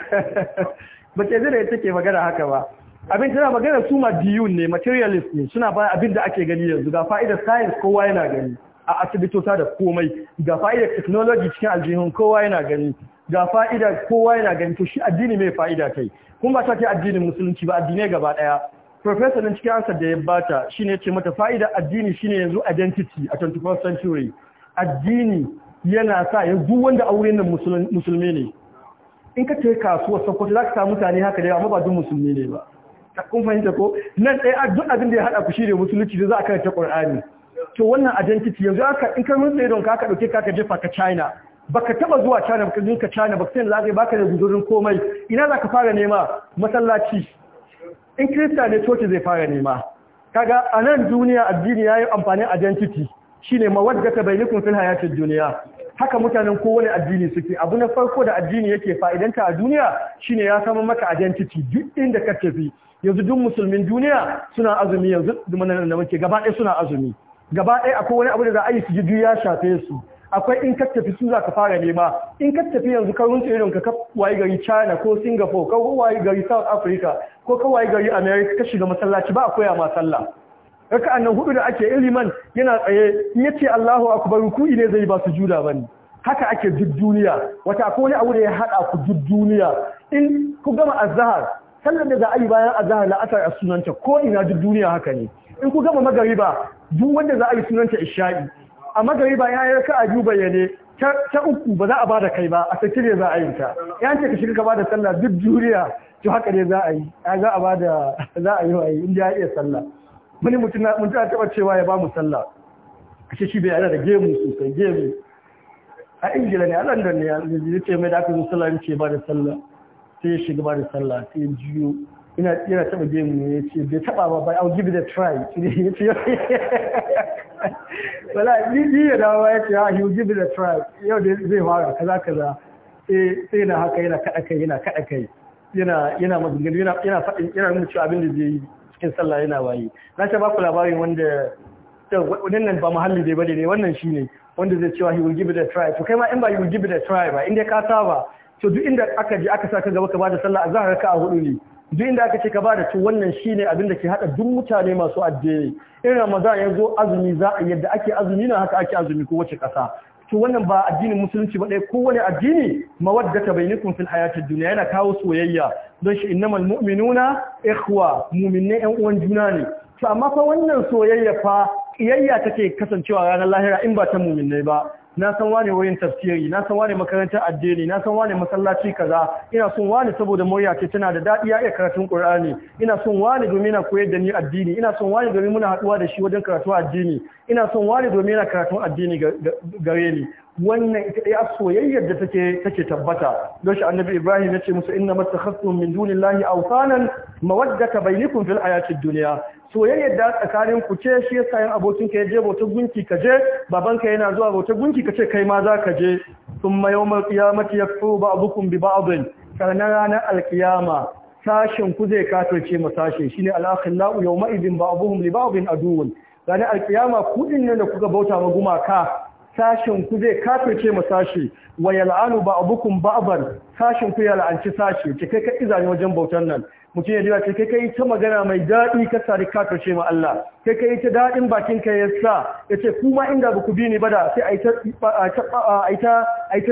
ba ce take magana haka ba abin tana magana su madiyun ne materialist ne suna ba abin da ake gani yanzu ga fa'idar science kowa yana gani a asibitota da komai ga fa'idar technology cikin aljihun kowa yana gani ga fa'idar kowa yana gani to shi addini mai fa'ida kai Kun ba ta ce addinin musulunci ba addinai gaba daya professor din cikin ansa da ya bata shine ce mata fa'idar addini shine yanzu identity a 21st century addini yana sa ya duk wanda auren nan musulmi ne in ka ce kasuwa, sokoto za ka samu mutane haka da yawa amma ba duk musulmi ne ba kun fahimta ko nan ɗaya duk abin da ya haɗa ku shi ne musulunci da za a karanta ƙur'ani to wannan identity yanzu aka in ka rutsa don ka ɗauke ka ka jefa ka China baka taba zuwa China baka ka China baka san zai baka da gudurin komai ina za ka fara nema masallaci in kirista ne coci zai fara nema kaga a nan duniya addini yayi amfani identity shine mawaddata bainakum fil hayatid duniya haka mutanen kowane addini suke abu na farko da addini yake fa'idanta a duniya shine ya samu maka identity duk inda ka tafi yanzu duk musulmin duniya suna azumi yanzu dumanan da muke gaba ɗaya suna azumi gaba ɗaya akwai wani abu da za a yi su ji ya shafe su akwai in ka tafi su za ka fara nema in ka tafi yanzu ka runtse irin ka wayi gari China ko Singapore ko wayi gari South Africa ko ka gari America ka shiga masallaci ba a koya ma sallah raka annan hudu da ake iliman yana tsaye in ce Allahu akbar ruku'i ne zai ba su juda bane haka ake duk duniya wata akwai wani abu da ya hada ku duk duniya in ku gama azhar sallar da za a yi bayan azahar la'asar a sunanta ko ina duk duniya haka ne in ku gama magariba duk wanda za a yi sunanta isha'i a magariba ya yi raka a biyu bayyane ta uku ba za a bada kai ba a ne za a yi ta ya ce ka shiga ka bada sallah duk duniya to haka ne za a yi za a bada za a yi wa in ya iya sallah wani mutum na mutum taɓa cewa ya ba mu sallah ashe shi bai yana da gemu sosai gemu a ingila ne a london ne ya ce mai da aka zo sallah ce ba da sallah sai ya shiga ba da sallah sai ya jiyo ina ina taba gemu mu ya ce bai taba ba bai I'll give it a try ya ce wala ni ni ya dawo ya ce ha ah, he will give it a try yau da zai fara kaza kaza sai sai na haka yana kada kai yana kada kai yana yana maganganu yana yana faɗin yana nuna cewa abin da zai yi cikin sallah yana waye na ce ba ku labarin wanda wannan ba muhalli dai bane ne wannan shine wanda zai cewa ah, he will give it a try to kai ma in ba he will give it a try ba inda ka saba to duk inda aka je aka saka gaba ka bada sallah azhar ka a hudu ne duk inda aka ce ka bada to wannan shine abin da ke hada duk mutane masu addini in ramadan ya zo azumi za a yadda ake azumi na haka ake azumi ko wace kasa to wannan ba addinin musulunci ba dai kowane addini mawaddata bainakum fil hayatid dunya yana kawo soyayya don shi innamal mu'minuna ikhwa mu'minne yan uwan juna ne to amma fa wannan soyayya fa kiyayya take kasancewa ranar lahira in ba ta mu'minai ba na san wane wurin tafsiri na san wane makarantar addini na san wane masallaci kaza ina son wane saboda murya ce tana da daɗi ya iya karatun Qur'ani ina son wane domin na koyar da ni addini ina son wane domin muna haɗuwa da shi wajen karatu addini ina son wane domin yana karatun addini gare ni wannan ita ɗaya soyayyar da take take tabbata don shi annabi ibrahim ya ce musu inna mattakhastum min dunillahi awsanan mawaddata bainakum fil hayatid dunya soyayyar da tsakanin ku ce shi yasa yin abokin ka je bautar gunki ka je Babanka yana zuwa bautar gunki ka ce kai ma za ka je thumma yawmal qiyamati yakfuru ba'dukum bi ba'din kana ranar alkiyama sashin ku zai katoce mu sashin shine al-akhillau yawma idin ba'dhum li ba'dhin aduwwun ranar alkiyama ku din ne da kuka bauta ma gumaka sashin ku zai kafirce mu sashi wa yal'anu ba'dukum ba'dan sashin ku ya la'anci sashi ce kai ka izani wajen bautan nan mutum ya ce kai kai ta magana mai daɗi ka sari kafirce mu Allah kai kai ta daɗin bakin ka ya sa ya ce kuma inda ba ku bi ni ba da sai a ta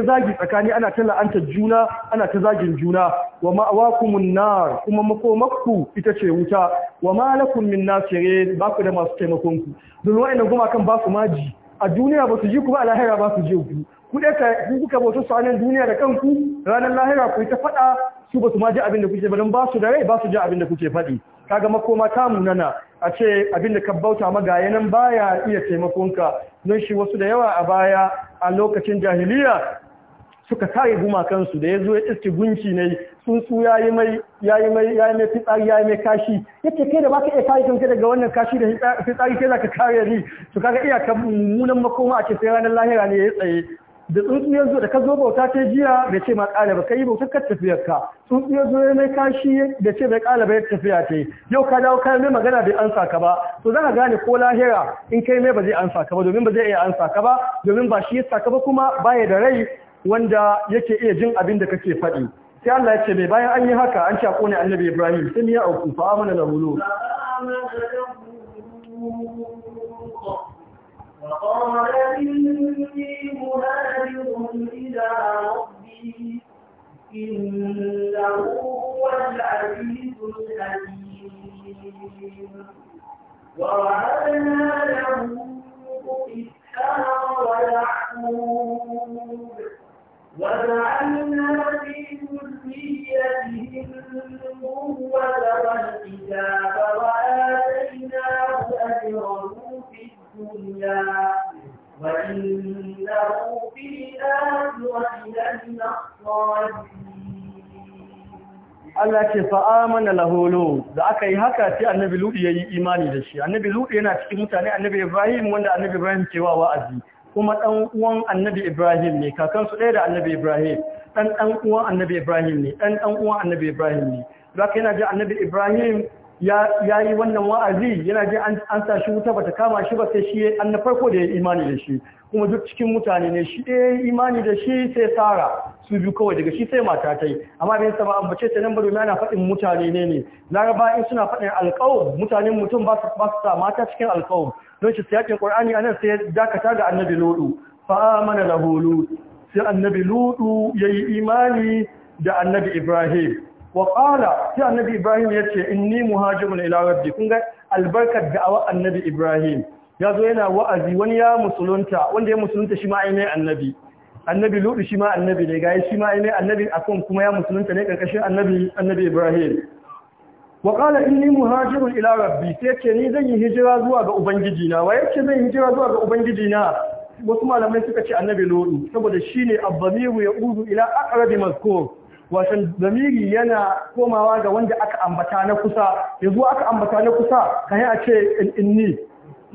zagi tsakani ana ta la'antar juna ana ta zagin juna wa ma'awakumun nar kuma makomakku ita ce wuta wa malakun min nasirin ba ku da masu taimakon ku don wa'annan gumakan ba ku maji a duniya ba su ji ku ba a lahira ba su ji ku ku da ku kuka bauta su anan duniya da kanku ranar lahira ku ta faɗa su ba su ma ji abin da kuke ba dan ba su da rai ba su ji abin da kuke faɗi kaga makoma ta munana a ce abin da ka bauta magaya nan baya iya taimakon ka don shi wasu da yawa a baya a lokacin jahiliya suka kare gumakansu da ya zo ya iske gunki ne tsuntsu ya yi mai fitsari ya yi mai kashi yake kai da baka iya kare kanka daga wannan kashi da fitsari kai ka kare ni to kaga iya ka munan makoma a cikin ranar lahira ne ya tsaye da tsuntsu ya zo da ka zo bauta ta jiya bai ce ma kala ba kai bautar ka tafiyar ka tsuntsu ya zo ya mai kashi da ce bai kala bai tafiya ce yau ka dawo kayan mai magana bai ansa ka ba to zaka gane ko lahira in kai mai ba zai ansa ka ba domin ba zai iya ansa ka ba domin ba shi ya ka ba kuma baya da rai wanda yake iya jin abin da kake faɗi sai Allah ya ce mai bayan an yi haka an shaƙo ne annabi Ibrahim sun ya auku fa amana da hulu ووهبنا له إسحاق ويعقوب وجعلنا في ذريتهم النبوة والكتاب وآتيناه أجره في الدنيا وإنه في الآخرة لمن Allah ce fa'amana laholo da aka yi haka sai annabi Lu'u ya yi imani da shi, annabi Lu'u yana cikin mutane annabi Ibrahim wanda annabi Ibrahim cewa wa'azi, kuma ɗan uwan annabi Ibrahim ne kakansu ɗaya da annabi Ibrahim ɗan ɗan uwan annabi Ibrahim ne ɗan ɗan uwan annabi Ibrahim ne zaka yana ji annabi Ibrahim ya yi wannan wa'azi yana ji an sa shi wuta ta kama shi ba sai shi an na farko da ya imani da shi kuma duk cikin mutane ne shi ɗaya imani da shi sai tsara su biyu kawai daga shi sai mata ta yi amma bai sama ambace ta nan domin ana faɗin mutane ne ne raba in suna faɗin alkawar mutanen mutum ba su sa mata cikin alkawar don shi siyakin ƙur'ani a sai dakata da annabi lodu faamana mana da hulu sai annabi lodu ya yi imani da annabi ibrahim wa qala sai annabi ibrahim ya yace inni muhajirun ila rabbi kun ga albarkar da'awa annabi ibrahim ya zo yana wa'azi wani ya musulunta wanda ya musulunta shi ma mai annabi annabi ludu shi ma annabi ne ga shi ma mai annabi a akon kuma ya musulunta ne karkashin annabi annabi ibrahim wa qala inni muhajirun ila rabbi sai ce ni zan yi hijira zuwa ga ubangiji na wa yace zan yi hijira zuwa ga ubangiji na wasu malamai suka ce annabi ludu saboda shine abdamiru ya uzu ila aqrabi mazkur wasan zamiri yana komawa ga wanda aka ambata na kusa yanzu aka ambata na kusa Ka yi a ce inni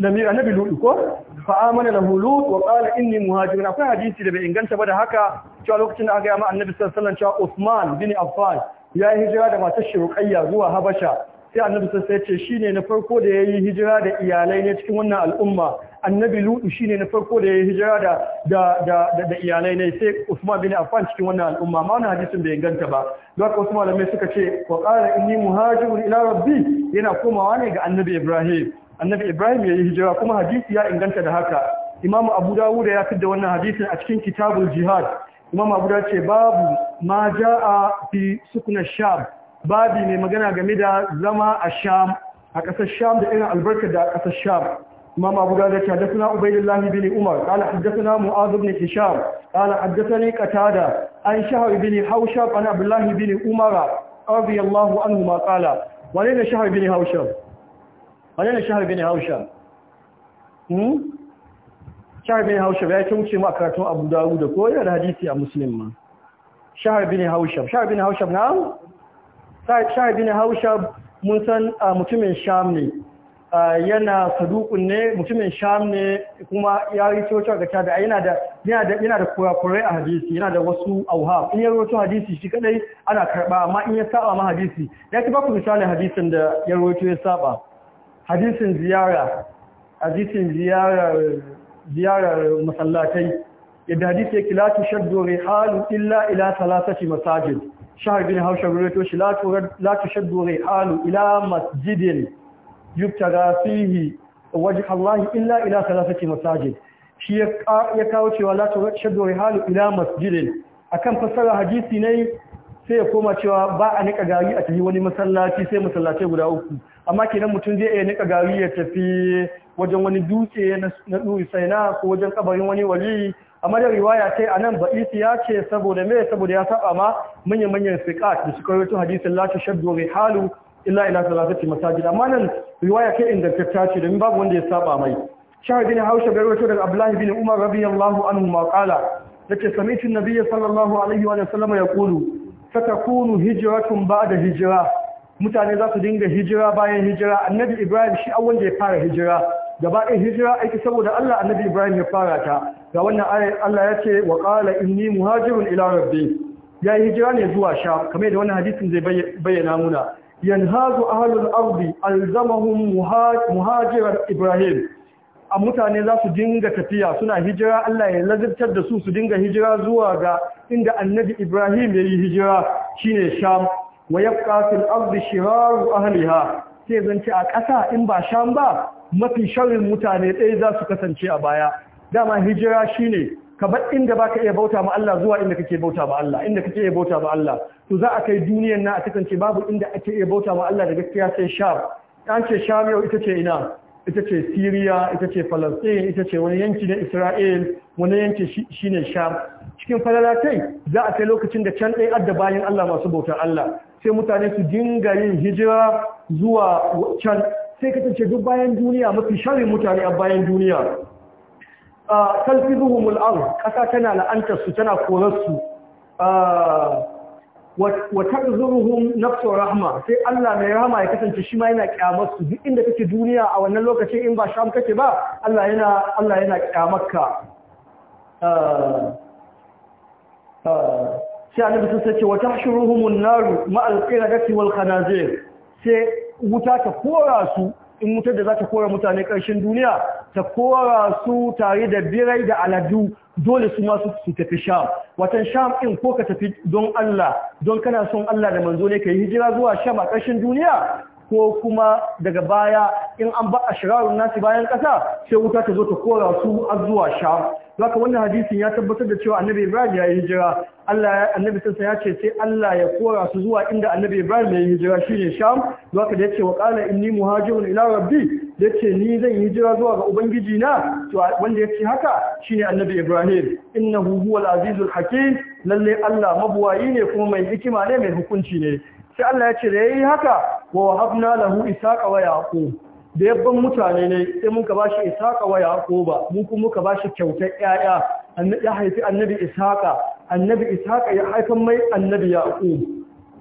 zamiri na lutu ko fa amana na hulu wa kala inni muhajirun akwai hadisi da bai inganta ba da haka cewa lokacin da aka yi ma annabi sallallahu alaihi cewa Uthman bin Affan ya yi hijira da matar shirukayya zuwa Habasha sai annabi sai ce ne na farko da ya yi hijira da iyalai ne cikin wannan al'umma annabi ludu ne na farko da ya hijira da da iyalai ne sai Usman bin Affan cikin wannan al'umma ma wannan hadisin bai inganta ba don haka Usman malamai suka ce wa qala inni muhajirun ila rabbi yana komawa ne ga annabi Ibrahim annabi Ibrahim ya yi hijira kuma hadisi ya inganta da haka Imam Abu Dawud ya fitar da wannan hadisin a cikin Kitabul Jihad Imam Abu Dawud ce babu ma jaa fi sukna sham babi mai magana game da zama a sham a ƙasar sham da irin albarka da kasar ƙasar sham إمام أبو داود حدثنا عبيد الله بن عمر قال حدثنا معاذ بن هشام قال حدثني قتادة عن شهر بن حوشب عن عبد الله بن عمر رضي الله عنهما قال ولين شهر بن حوشب ولين شهر بن حوشب shahar bin haushab ya ce wuce ma a karatun abu daru da koyar da hadisi a musulman shahar shahar bin haushab shahar mun san mutumin sham ne yana sadukun ne mutumin sham ne kuma ya yi cewa ga da yana da yana da kurakurai a hadisi yana da wasu auha in ya rawaito hadisi shi kadai ana karba amma in ya saba ma hadisi ya ci baku misalin hadisin da ya rawaito ya saba hadisin ziyara hadisin ziyara ziyarar masallatai yadda hadisi yake la tushaddu rihalu illa ila thalathati masajid shahr bin hausha rawaito shi la tushaddu rihalu ila masjidin yubtaga fihi wajh Allah illa ila thalathati masajid shi ya kawo cewa la shaddu rihal ila masjidin akan fassara hadisi ne sai ya koma cewa ba a nika gari a tafi wani masallaci sai masallaci guda uku amma kenan mutum zai iya nika gari ya tafi wajen wani dutse na duri saina ko wajen kabarin wani wali amma da riwaya sai anan ba'isi ya ce saboda me saboda ya saba ma manyan manyan siqat da suka rawaito hadisin la shaddu rihalu illa ila salasati masajid amma nan riwaya kai ingantacciya ce domin babu wanda ya saba mai shahid bin hausha bai rawaito daga abdullahi bin umar radiyallahu anhu ma qala yace sami'tu nabiyyi sallallahu alaihi wa sallam yaqulu satakunu hijratun ba'da hijra mutane za su dinga hijira bayan hijira annabi ibrahim shi awwal da ya fara hijira gaba ɗaya hijira aiki saboda Allah annabi ibrahim ya fara ta ga wannan ayar Allah ya ce wa qala inni muhajirun ila rabbi ya hijira ne zuwa sha kamar da wannan hadisin zai bayyana muna yanhazu ahlul ardi alzamahum muhajirar ibrahim a mutane za su dinga tafiya suna hijira Allah ya lazirtar da su su dinga hijira zuwa ga inda annabi Ibrahim ya yi hijira shine Sham wa yabqa fil ardi shiraru ahliha sai zance a ƙasa in ba Sham ba mafi sharrin mutane ɗaya za su kasance a baya dama hijira shine ka bar inda baka iya bauta ma Allah zuwa inda kake bauta ma Allah inda kake iya bauta ma Allah to za a kai duniyar na a kasance babu inda ake iya bauta ma Allah da gaskiya sai Sham an ce Sham yau ita ce ina ita ce Syria ita ce Palestine ita ce wani yanki na Israel wani yanki shine Sham cikin falalatai za a kai lokacin da can ɗaya adda bayan Allah masu bautar Allah sai mutane su dinga yin hijira zuwa can sai kasance duk bayan duniya mafi sharin mutane a bayan duniya talfizuhum al-ard kasa tana la'antarsu, su tana korar su wa ta'zuruhum nafsu rahma sai Allah mai rahama ya kasance shi ma yana kyamar su duk inda kake duniya a wannan lokacin in ba sham kake ba Allah yana Allah yana kyamarka sai annabi sun sace wa tahshuruhumun nar ma'al qiradati wal khanazir sai wuta ta kora su in wutar da za ta kora mutane ƙarshen duniya ta kora su tare da birai da aladu dole su masu su tafi sham watan sham in ko ka tafi don Allah don kana son Allah da manzo ne ka yi hijira zuwa sham a ƙarshen duniya ko kuma daga baya in an ba ashirarun nasi bayan ƙasa sai wuta ta zo ta kora su a zuwa sham Zaka wannan hadisin ya tabbatar da cewa annabi Ibrahim ya yi hijira Allah annabi sansa ya ce sai Allah ya kora su zuwa inda annabi Ibrahim ya yi hijira shine Sham haka da yace wa qala inni muhajirun ila rabbi yace ni zan yi hijira zuwa ga ubangiji na to wanda ce haka shine annabi Ibrahim innahu huwal azizul hakim lalle Allah mabuwayi ne kuma mai hikima ne mai hukunci ne sai Allah ya ce da yayi haka wa habna lahu isaqa wa yaqub da yabban mutane ne sai muka bashi isaka wa yaquba mu kuma muka bashi kyautar yaya annabi ya haifi annabi isaka annabi isaka ya haifan mai annabi yaqub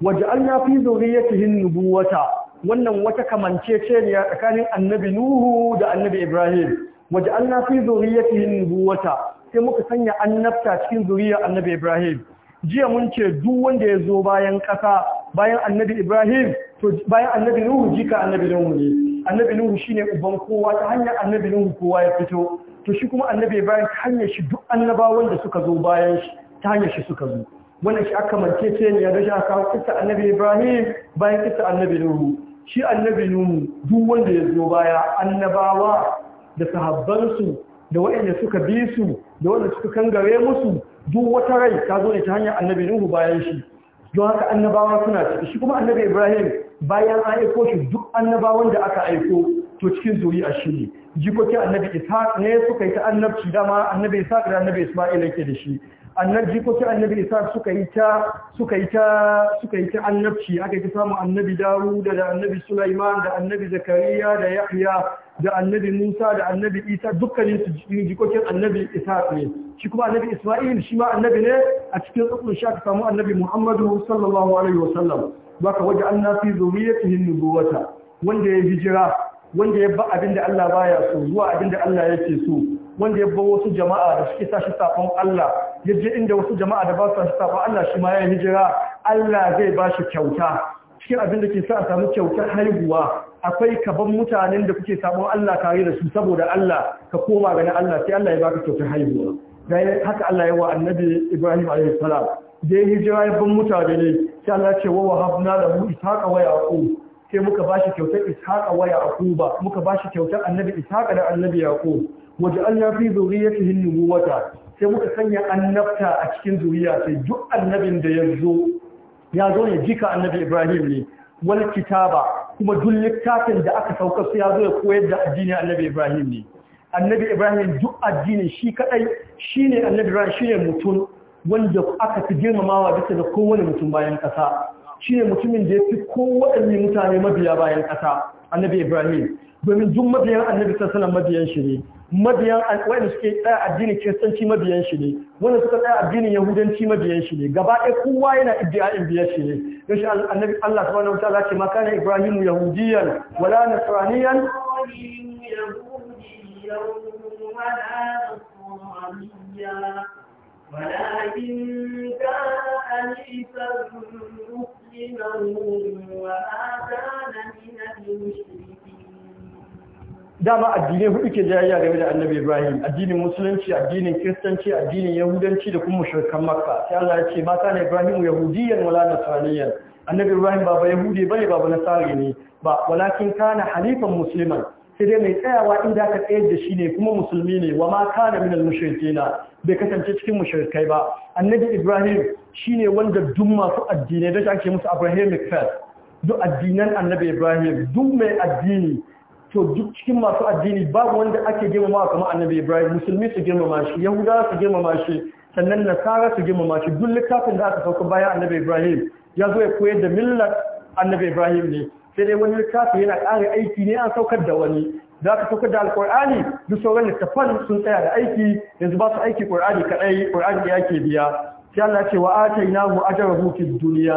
waj'alna fi zurriyyatihi nubuwata wannan wata kamance ce kamanceceniya tsakanin annabi nuhu da annabi ibrahim waj'alna fi zurriyyatihi nubuwata sai muka sanya annabta cikin zuriyar annabi ibrahim jiya mun ce duk wanda ya zo bayan ƙasa bayan annabi ibrahim to bayan annabi nuhu jika annabi nuhu ne annabi nuhu shine uban kowa ta hanyar annabi nuhu kowa ya fito to shi kuma annabi ibrahim ta hanyar shi duk annabawan da suka zo bayan shi ta hanyar shi suka zo wannan shi aka mance ce ne ya ga shi aka kisa annabi ibrahim bayan kisa annabi nuhu shi annabi nuhu duk wanda ya zo baya annabawa da sahabbansu da waɗanda suka bi su da waɗanda suka kangare musu duk wata rai ta zo ne ta hanyar annabi nuhu bayan shi don haka annabawa suna ciki shi kuma annabi ibrahim bayan an aiko shi duk annabawan da aka aiko to cikin a shi ne jikokin annabi ishaq ne suka yi ta annabci dama annabi ishaq da annabi isma'il yake da shi annabi jikokin annabi isa suka yi ta suka yi ta suka yi ta annabci aka yi ta samun annabi dawud da annabi sulaiman da annabi zakariya da yahya da annabi musa da annabi isa dukkanin su jikokin annabi isa ne shi kuma annabi isma'il shi ma annabi ne a cikin tsakon shi aka samu annabi muhammadu sallallahu alaihi wasallam baka waje an nafi zuriyatihin nubuwata wanda ya hijira wanda ya ba abinda Allah baya so zuwa abinda da Allah yake so wanda ya bar wasu jama'a da suke sa shi sakon Allah ya inda wasu jama'a da ba su saba Allah shi ma ya hijira Allah zai ba shi kyauta cikin abin da ke sa a samu kyautar haihuwa akwai kaban mutanen da kuke samun Allah tare da su saboda Allah ka koma ganin Allah sai Allah ya baka kyautar haihuwa dan haka Allah ya wa annabi Ibrahim alaihi salam da ya hijira ya ban mutane ne sai Allah ya ce wa wahabna lahu ishaqa wa yaqub sai muka shi kyautar ishaqa wa yaquba muka shi kyautar annabi ishaqa da annabi yaqub waj'alna fi dhurriyyatihi an-nubuwata sai muka sanya annabta a cikin zuriya sai duk annabin da ya zo ya zo ne jika annabi Ibrahim ne Wani kitaba kuma duk littafin da aka saukar sai ya zo ya koyar da addini annabi Ibrahim ne annabi Ibrahim duk addinin shi kadai shine annabi Ibrahim shine mutum wanda aka fi girmamawa bisa da kowane mutum bayan kasa shine mutumin da ya fi kowane mutane mabiya bayan kasa annabi Ibrahim domin duk mabiyan annabi sallallahu alaihi wasallam mabiyan shi ne mabiyan waɗanda suke tsaya addinin kiristanci mabiyan shi ne wanda suka tsaya addinin yahudanci mabiyan shi ne gaba ɗaya kowa yana iddia'in biyar shi ne don shi annabi Allah wani wataala ce ma na Ibrahimu yahudiyan wala nasraniyan ولكن كان حنيفا مسلما وما كان من المشركين dama addinai hudu ke jayayya game da annabi ibrahim addinin musulunci addinin kiristanci addinin yahudanci da kuma mushrikan makka sai allah ya ce ma kana ibrahim yahudiyan wala nasraniyan annabi ibrahim ba yahudi bane ba nasari ne ba walakin kana halifan musliman sai dai mai tsayawa inda aka tsayar da shi ne kuma musulmi ne wa ma kana min al-mushrikina bai kasance cikin mushrikai ba annabi ibrahim shine wanda duk masu addinai da ake musu abrahamic faith duk addinan annabi ibrahim duk mai addini to duk cikin masu addini babu wanda ake girmama kamar annabi ibrahim musulmi su girmama shi yahudawa su girmama shi sannan nasara su girmama shi duk littafin da aka sauka bayan annabi ibrahim ya zo ya koyar da millar annabi ibrahim ne sai dai wani littafi yana ƙara aiki ne an saukar da wani da aka saukar da alƙur'ani duk sauran littafan sun tsaya da aiki yanzu ba su aiki ƙur'ani kaɗai ƙur'ani ya ke biya sai Allah ce wa atainahu ajrahu fi dunya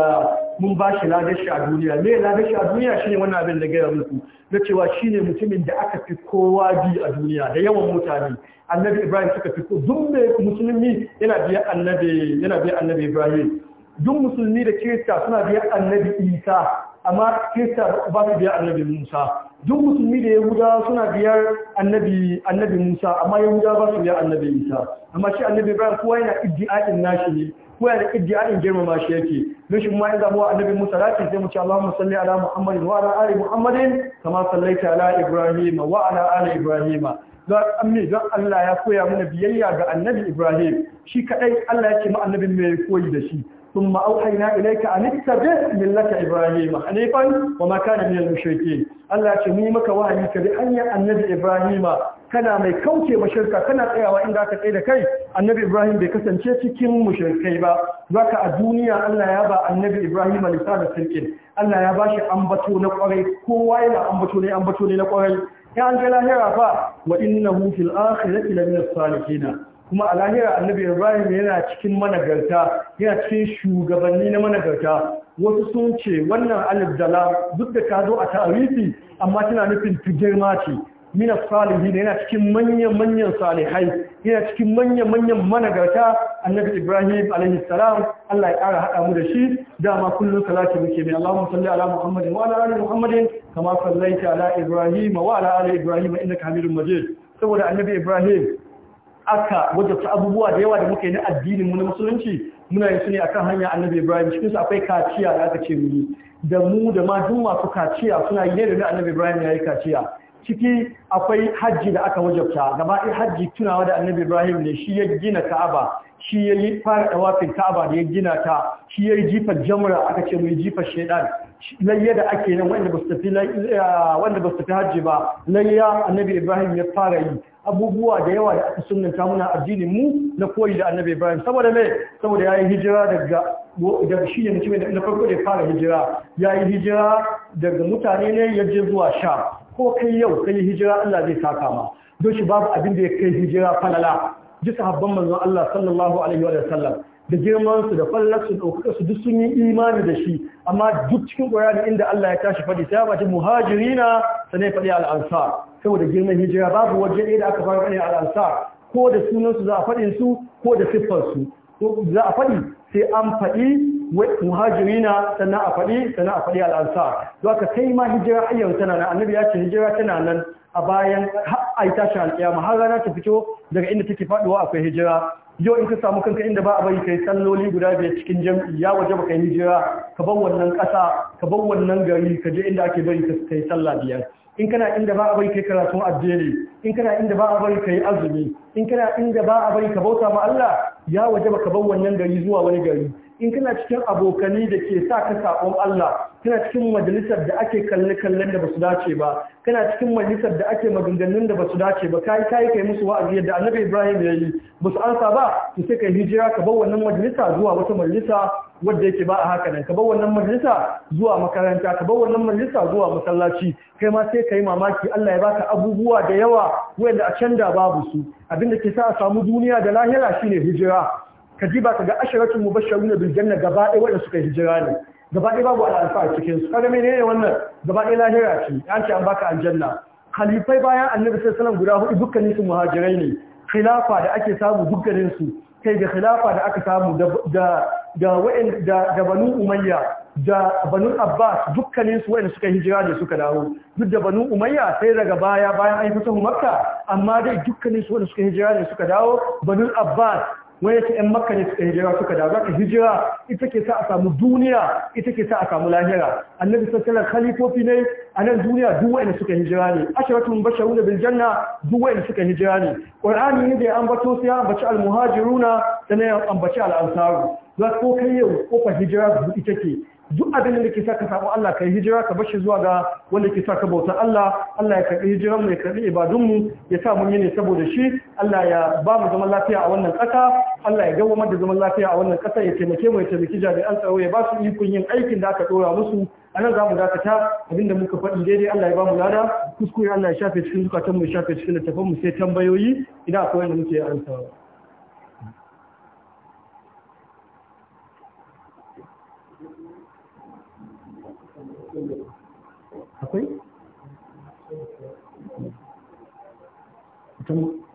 mun bashi shi ladashi a duniya me ladashi a duniya shine wannan abin da gaya muku na cewa shine mutumin da aka fi kowa bi a duniya da yawan mutane annabi Ibrahim suka fi ko duk mai musulmi yana biya annabi yana biya annabi Ibrahim duk musulmi da kirista suna biya annabi Isa amma kirista ba su biya annabi musa duk musulmi da yahuda suna biyar annabi musa amma yahuda ba su biya annabi isa amma shi annabi ibrahim kowa yana iddi'a'in nashi ne kowa yana iddi'a'in girmama shi yake don shi ma in zamu wa annabi musa lati sai mu ci allahumma salli ala muhammadin wa ala ali muhammadin kama sallaita ala ibrahim wa ala ali ibrahim don amme don Allah ya koya mana biyayya ga annabi ibrahim shi kadai Allah ya ce ma annabin mai koyi da shi ka ثم أوحينا إليك أن اتبع ملة إبراهيم حنيفا وما كان من المشركين الله تميمك وهيك بأن النبي إبراهيم kana mai kauce mashirka kana tsayawa da aka tsaye da kai annabi ibrahim bai kasance cikin mushirkai ba zaka a duniya allah ya ba annabi ibrahim alisa da sirkin allah ya bashi ambato na kwarai kowa yana ambato ne ambato ne na kwarai ya an ga lahira fa wa innahu fil akhirati lamin salihin kuma a lahira annabi ibrahim yana cikin managarta yana cikin shugabanni na managarta wasu sun ce wannan alif dala duk da ka zo a tarihi amma tana nufin tujirma ce mina salihi yana cikin manyan manyan salihai yana cikin manyan manyan managarta annabi ibrahim alaihi salam Allah ya kara hada mu da shi dama kullun salati muke mai Allahumma salli ala muhammadin wa ala ali muhammadin kama sallaita ala ibrahim wa ala ali ibrahim innaka hamidum majid saboda annabi ibrahim aka wajabta abubuwa da yawa da muke na addinin mu na musulunci muna yin su ne akan hanya annabi ibrahim cikin su akwai kaciya da aka ce mu da mu da ma duk masu kaciya suna yi da da annabi ibrahim ya yi kaciya ciki akwai hajji da aka wajabta gaba ɗaya hajji tunawa da annabi ibrahim ne shi ya gina ka'aba shi ya yi fara dawafin ka'aba da ya gina ta shi ya yi jifar jamra, aka ce mai jifar shaidan layya da ake nan wanda ba su tafi eh, wanda ba su tafi hajji ba layya annabi Ibrahim ya fara yi abubuwa da yawa da aka sunnanta muna addinin mu na koyi da annabi Ibrahim saboda me saboda yayi hijira daga da shi ne mutumin da farko da fara hijira yayi hijira daga mutane ne ya je zuwa sha ko kai yau kai hijira Allah zai saka ma don shi babu abin da ya kai hijira falala ji sahabban manzon Allah sallallahu alaihi wa sallam da girmansu da fallarsu da ɗaukakarsu duk sun yi imani da shi amma duk cikin ƙwararri inda Allah ya tashi faɗi ta bata muhajirina sanai faɗi al'ansar saboda girman hijira babu waje ɗaya da aka fara faɗi al'ansar ko da sunansu za a faɗin su ko da siffarsu ko za a faɗi sai an faɗi muhajirina sannan a faɗi sannan a faɗi al'ansar don haka kai ma hijira ayyau tana nan annabi ya ce hijira tana nan a bayan har tashin alƙiyama har rana ta fito daga inda take faduwa akwai hijira yau in ka samu kanka inda ba a bari kai salloli guda biyar cikin jam'i ya waje baka hijira ka bar wannan ƙasa ka bar wannan gari ka je inda ake bari ka kai sallah biyar in kana inda ba a bari kai karatun addini in kana inda ba a bari kai azumi in kana inda ba a bari ka bauta ma Allah ya waje baka bar wannan gari zuwa wani gari in kana cikin abokani da ke sa ka sabon Allah kana cikin majalisar da ake kalle kallon da basu dace ba kana cikin majalisar da ake maganganun da basu dace ba kai kai kai musu wa'azi yadda Annabi Ibrahim ya yi basu ansa ba to sai kai hijira ka bar wannan majalisa zuwa wata majalisa wadda yake ba a haka nan ka bar wannan majalisa zuwa makaranta ka bar wannan majalisa zuwa masallaci kai ma sai kai mamaki Allah ya baka abubuwa da yawa wanda a canda babu su abinda ke sa a samu duniya da lahira shine hijira ka ji ba ka ga asharatul mubashshirun bil janna gaba wanda suka hijira ne gaba ɗaya babu al'alfa a cikin su kaga menene wannan gaba ɗaya lahira ce an ce an baka aljanna khalifai bayan annabi sallallahu alaihi wasallam guda hudu dukkanin su muhajirai ne khilafa da ake samu dukkanin su kai da khilafa da aka samu da da wa'in da da banu umayya da banu abbas dukkanin su wa'in suka hijira da suka dawo duk da banu umayya sai daga baya bayan an fito makka amma dai dukkanin su wa'in suka hijira da suka dawo banu abbas wani ta ‘yan makani ne suka hijira suka da za ka hijira ita ke sa a samu duniya ita ke sa a samu lahira annabi sassanar khalifofi ne a nan duniya duk wa'anda suka hijira ne ashiratun basharu da biljanna duk wa'anda suka hijira ne ƙwar'ani ne da ya ambato su ya ambaci almuhajiruna da na ya ambaci al'ansaru za ko kai yau kofar hijira ita ke. duk abin da ke sa ka samu Allah ka hijira ka bashi zuwa ga wanda ke sa ka bauta Allah Allah ya karbi hijiran mu ya karbi ibadun mu ya sa mun yi ne saboda shi Allah ya ba mu zaman lafiya a wannan ƙasa Allah ya gawamar da zaman lafiya a wannan ƙasa ya taimake mu ya taimaki jami'an tsaro ya ba su ikon yin aikin da aka dora musu a nan za mu dakata abinda muka faɗi daidai Allah ya ba mu lada kuskure Allah ya shafe cikin zukatan mu ya shafe cikin littafan mu sai tambayoyi idan akwai wanda muke ansawa akwai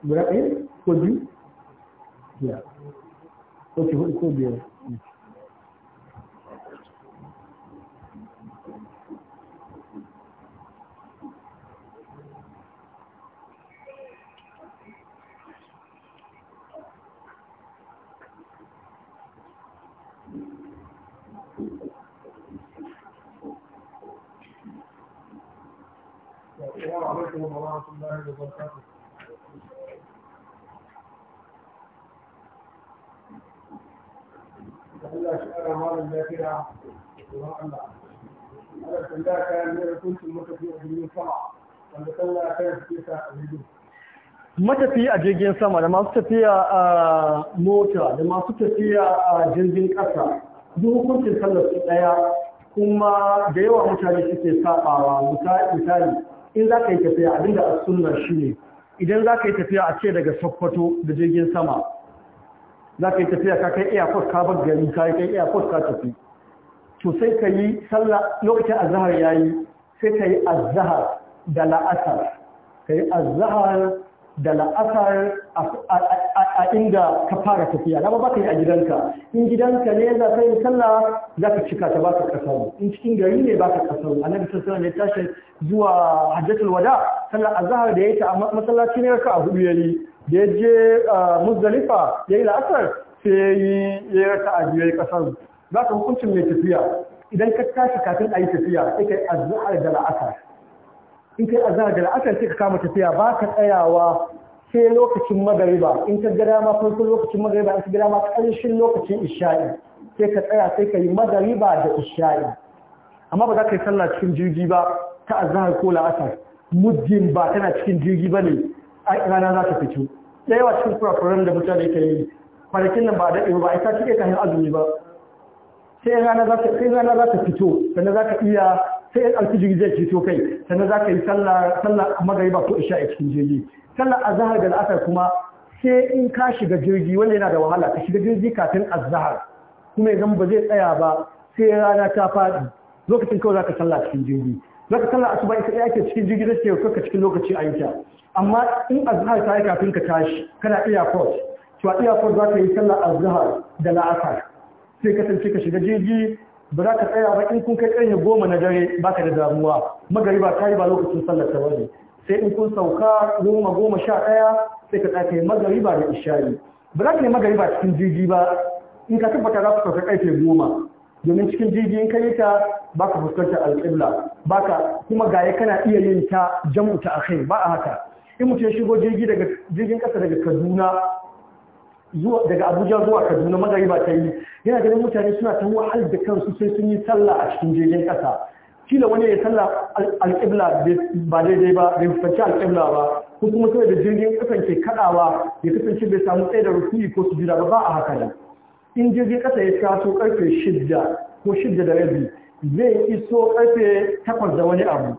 guda ɗaya ko biyu ya ko hudu ko biyar Matafiya a jirgin sama da masu tafiya a mota da masu tafiya a jirgin ƙasa duk hukuncin sallar su ɗaya kuma da yawa mutane suke saɓawa misali in za ka yi tafiya abinda da sunna shi ne idan za ka yi tafiya a ce daga sokoto da jirgin sama za ka yi tafiya ka kai airport ka bar gari ka kai airport ka tafi to sai ka yi sallah lokacin azhar yayi sai ka yi azhar da la'asar ka yi azhar da la'asar a inda ka fara tafiya na ba ka yi a gidanka in gidanka ne za ka yi sallah za ka cika ta ba ka kasaru in cikin gari ne ba ka kasaru a nan alaihi ne tashi zuwa hajjatul wada a azhar da ya ta a masallaci ne ka hudu yayi da ya je muzdalifa yi la'asar sai yi ya ta ajiyar za ka hukuncin mai tafiya idan ka tashi kafin a yi tafiya sai ka da la'asar in kai azhar da la'asar sai ka kama tafiya ba ka tsayawa sai lokacin magariba in ka gada ma farko lokacin magariba in ka gada ma ƙarshen lokacin isha'i sai ka tsaya sai ka yi magariba da isha'i amma ba za ka yi sallah cikin jirgi ba ta azhar ko la'asar muddin ba tana cikin jirgi ba ne rana za ta fito ɗaya yawa cikin kurakuran da mutane ka yi kwanakin nan ba a ɗaya ba a ita ka kayan azumi ba sai rana za ta fito sannan za ka iya sai ya ɗauki jirgi zai ceto kai sannan za ka yi sallar magariba ko isha a cikin jirgi sallar azahar da la'asar kuma sai in ka shiga jirgi wanda yana da wahala ka shiga jirgi kafin azahar kuma idan ba zai tsaya ba sai rana ta faɗi lokacin kawai za ka sallah cikin jirgi za ka sallah asuba ita ɗaya ke cikin jirgi zai ce ka cikin lokaci a amma in azahar ta yi kafin ka tashi kana airport to a airport za ka yi sallar azahar da la'asar sai kasance ka shiga jirgi ba za ka tsaya ba in kun kai karni goma na dare baka da damuwa magariba ta yi ba lokacin sallar ta wani sai in kun sauka goma goma sha ɗaya sai ka tsaya yi magariba da ishari. ba za ka yi magariba cikin jirgi ba in ka tabbata za ku sauka ƙarfe goma domin cikin jirgi in kai ta ba ka fuskanta alƙibla ba ka kuma gaya kana iya yin ta jam'u ta akai ba a haka in mutum ya shigo jirgi daga jirgin ƙasa daga Kaduna daga abuja zuwa kaduna ba ta yi yana ganin mutane suna ta wahal da kansu sai sun yi sallah a cikin jirgin kasa kila wani ya sallah alƙibla ba daidai ba bai fuskanci alƙibla ba ko kuma sai da jirgin kasan ke kadawa ya kasance bai samu tsaye da rukuni ko su ba ba a haka nan in jirgin kasa ya taso karfe shidda ko shidda da rabi zai iso karfe takwas da wani abu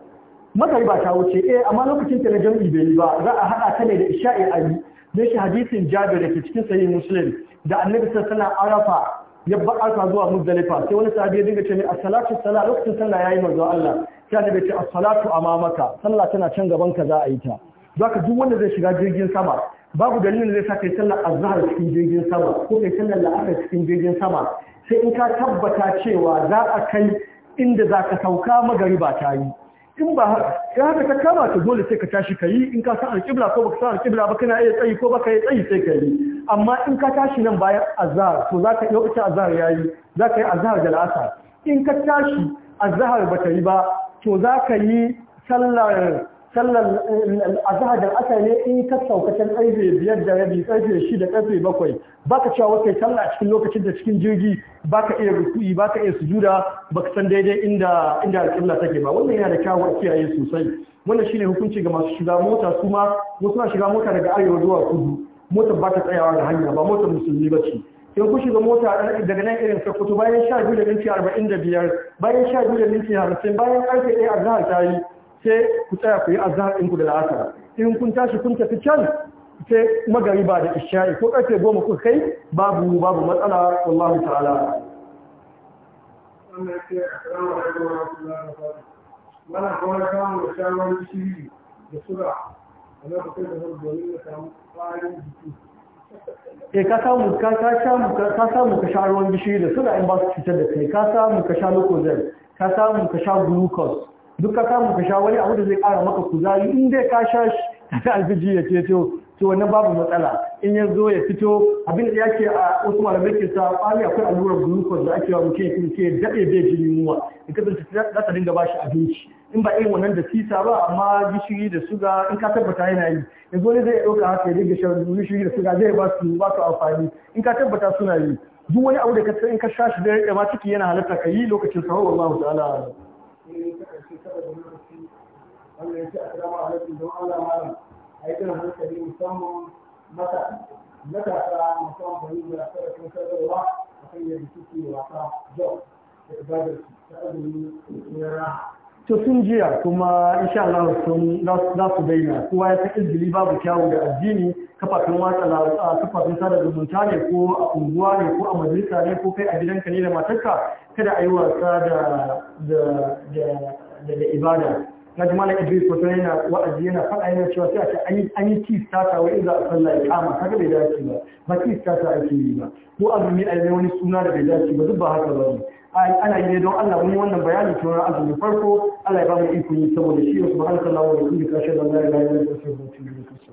ba ta wuce eh amma lokacin na jam'i bai yi ba za a haɗa ta ne da isha'i a yi da shi hadisin jabir da ke cikin sahih muslim da annabi sallallahu arafa ya ba'ata zuwa muzdalifa sai wani sahabi ya dinga ce mai as-salatu salat lokacin sallah yayi manzo Allah sai annabi ce as-salatu amamaka sallah tana can gaban ka za a yi ta zaka duk wanda zai shiga jirgin sama babu dalilin da zai sa kai sallar azhar cikin jirgin sama ko kai sallar la'asar cikin jirgin sama sai in ka tabbata cewa za a kai inda za ka sauka magariba ta yi in ba haka haka ta kama ta dole sai ka tashi ka yi in ka san alƙibla ko baka san alƙibla ba kana iya tsayi ko baka yi tsayi sai ka yi amma in ka tashi nan bayan azhar to za ka lokacin azhar yayi za ka yi azhar da la'asar in ka tashi azhar ba ta yi ba to za ka yi sallar sallar eh, azahar da aka ne in ka sauka can ƙarfe biyar da rabi ƙarfe da ƙarfe bakwai baka cewa wata sallah cikin lokacin da cikin jirgi baka iya ruku'i baka iya sujuda ka san daidai inda inda alƙibla take ba wannan yana da kyawu a kiyaye sosai wannan shine hukunci ga masu shiga mota su ma wasu na shiga mota daga arewa zuwa kudu motar ba ta tsayawa da hanya ba motar musulmi ba ce in ku shiga mota daga nan irin sokoto bayan sha biyu da minti arba'in da biyar bayan sha biyu da minti hamsin bayan ƙarfe ɗaya a zahar ta yi sai ku tsaya ku yi azhar ɗinku da la'asar in kun tashi kun tafi can sai magariba da isha'i ko karfe goma kuka kai babu babu matsala wallahu ta'ala mana kawai samun da shawarar shiri da sura a lokacin da zan domin da samu ƙwarin jiki e ka samu ka ka samu ka sha ruwan gishiri da suna in ba su cutar da kai ka samu ka sha lukozem ka samu ka sha glucose duk ka samu ka sha wani abu da zai kara maka kuzari in dai ka sha shi alfiji ya ce to to wannan babu matsala in ya zo ya fito abin da yake a wasu malamai ke sa kwami akwai allurar glucose da ake wa mutum ya ke daɗe bai jini muwa in ka zai za ta dinga bashi abinci in ba irin wannan da sisa ba amma gishiri da suga in ka tabbata yana yi yanzu wani zai ɗauka haka ya dinga shan gishiri da suga zai ba su ba su amfani in ka tabbata suna yi duk wani abu da ka in ka sha shi da ma ciki yana halatta ka yi lokacin sahur Allahu ta'ala saboda ya to sun jiya kuma insha Allah sun za su daina kowa ya san izgili babu kyawu da addini kafafen watsa kafafen sada zumunta ne ko a unguwa ne ko a majalisa ne ko kai a gidanka ne da matarka kada a yi wasa da da da ibada na ji malam idris wato yana wa'azi yana faɗa yana cewa sai a ce an yi tis tata wai za a sallah kama kaga bai dace ba ba tis tata ake yi ba ko azumi a yi wani suna da bai dace ba duk ba haka ba ne ana yi ne don Allah mun wannan bayani ta wani azumi farko Allah ya ba mu iko yi saboda shi subhanallahi wa bihamdihi ashhadu an la ilaha illa da astaghfiruka wa atubu ilayk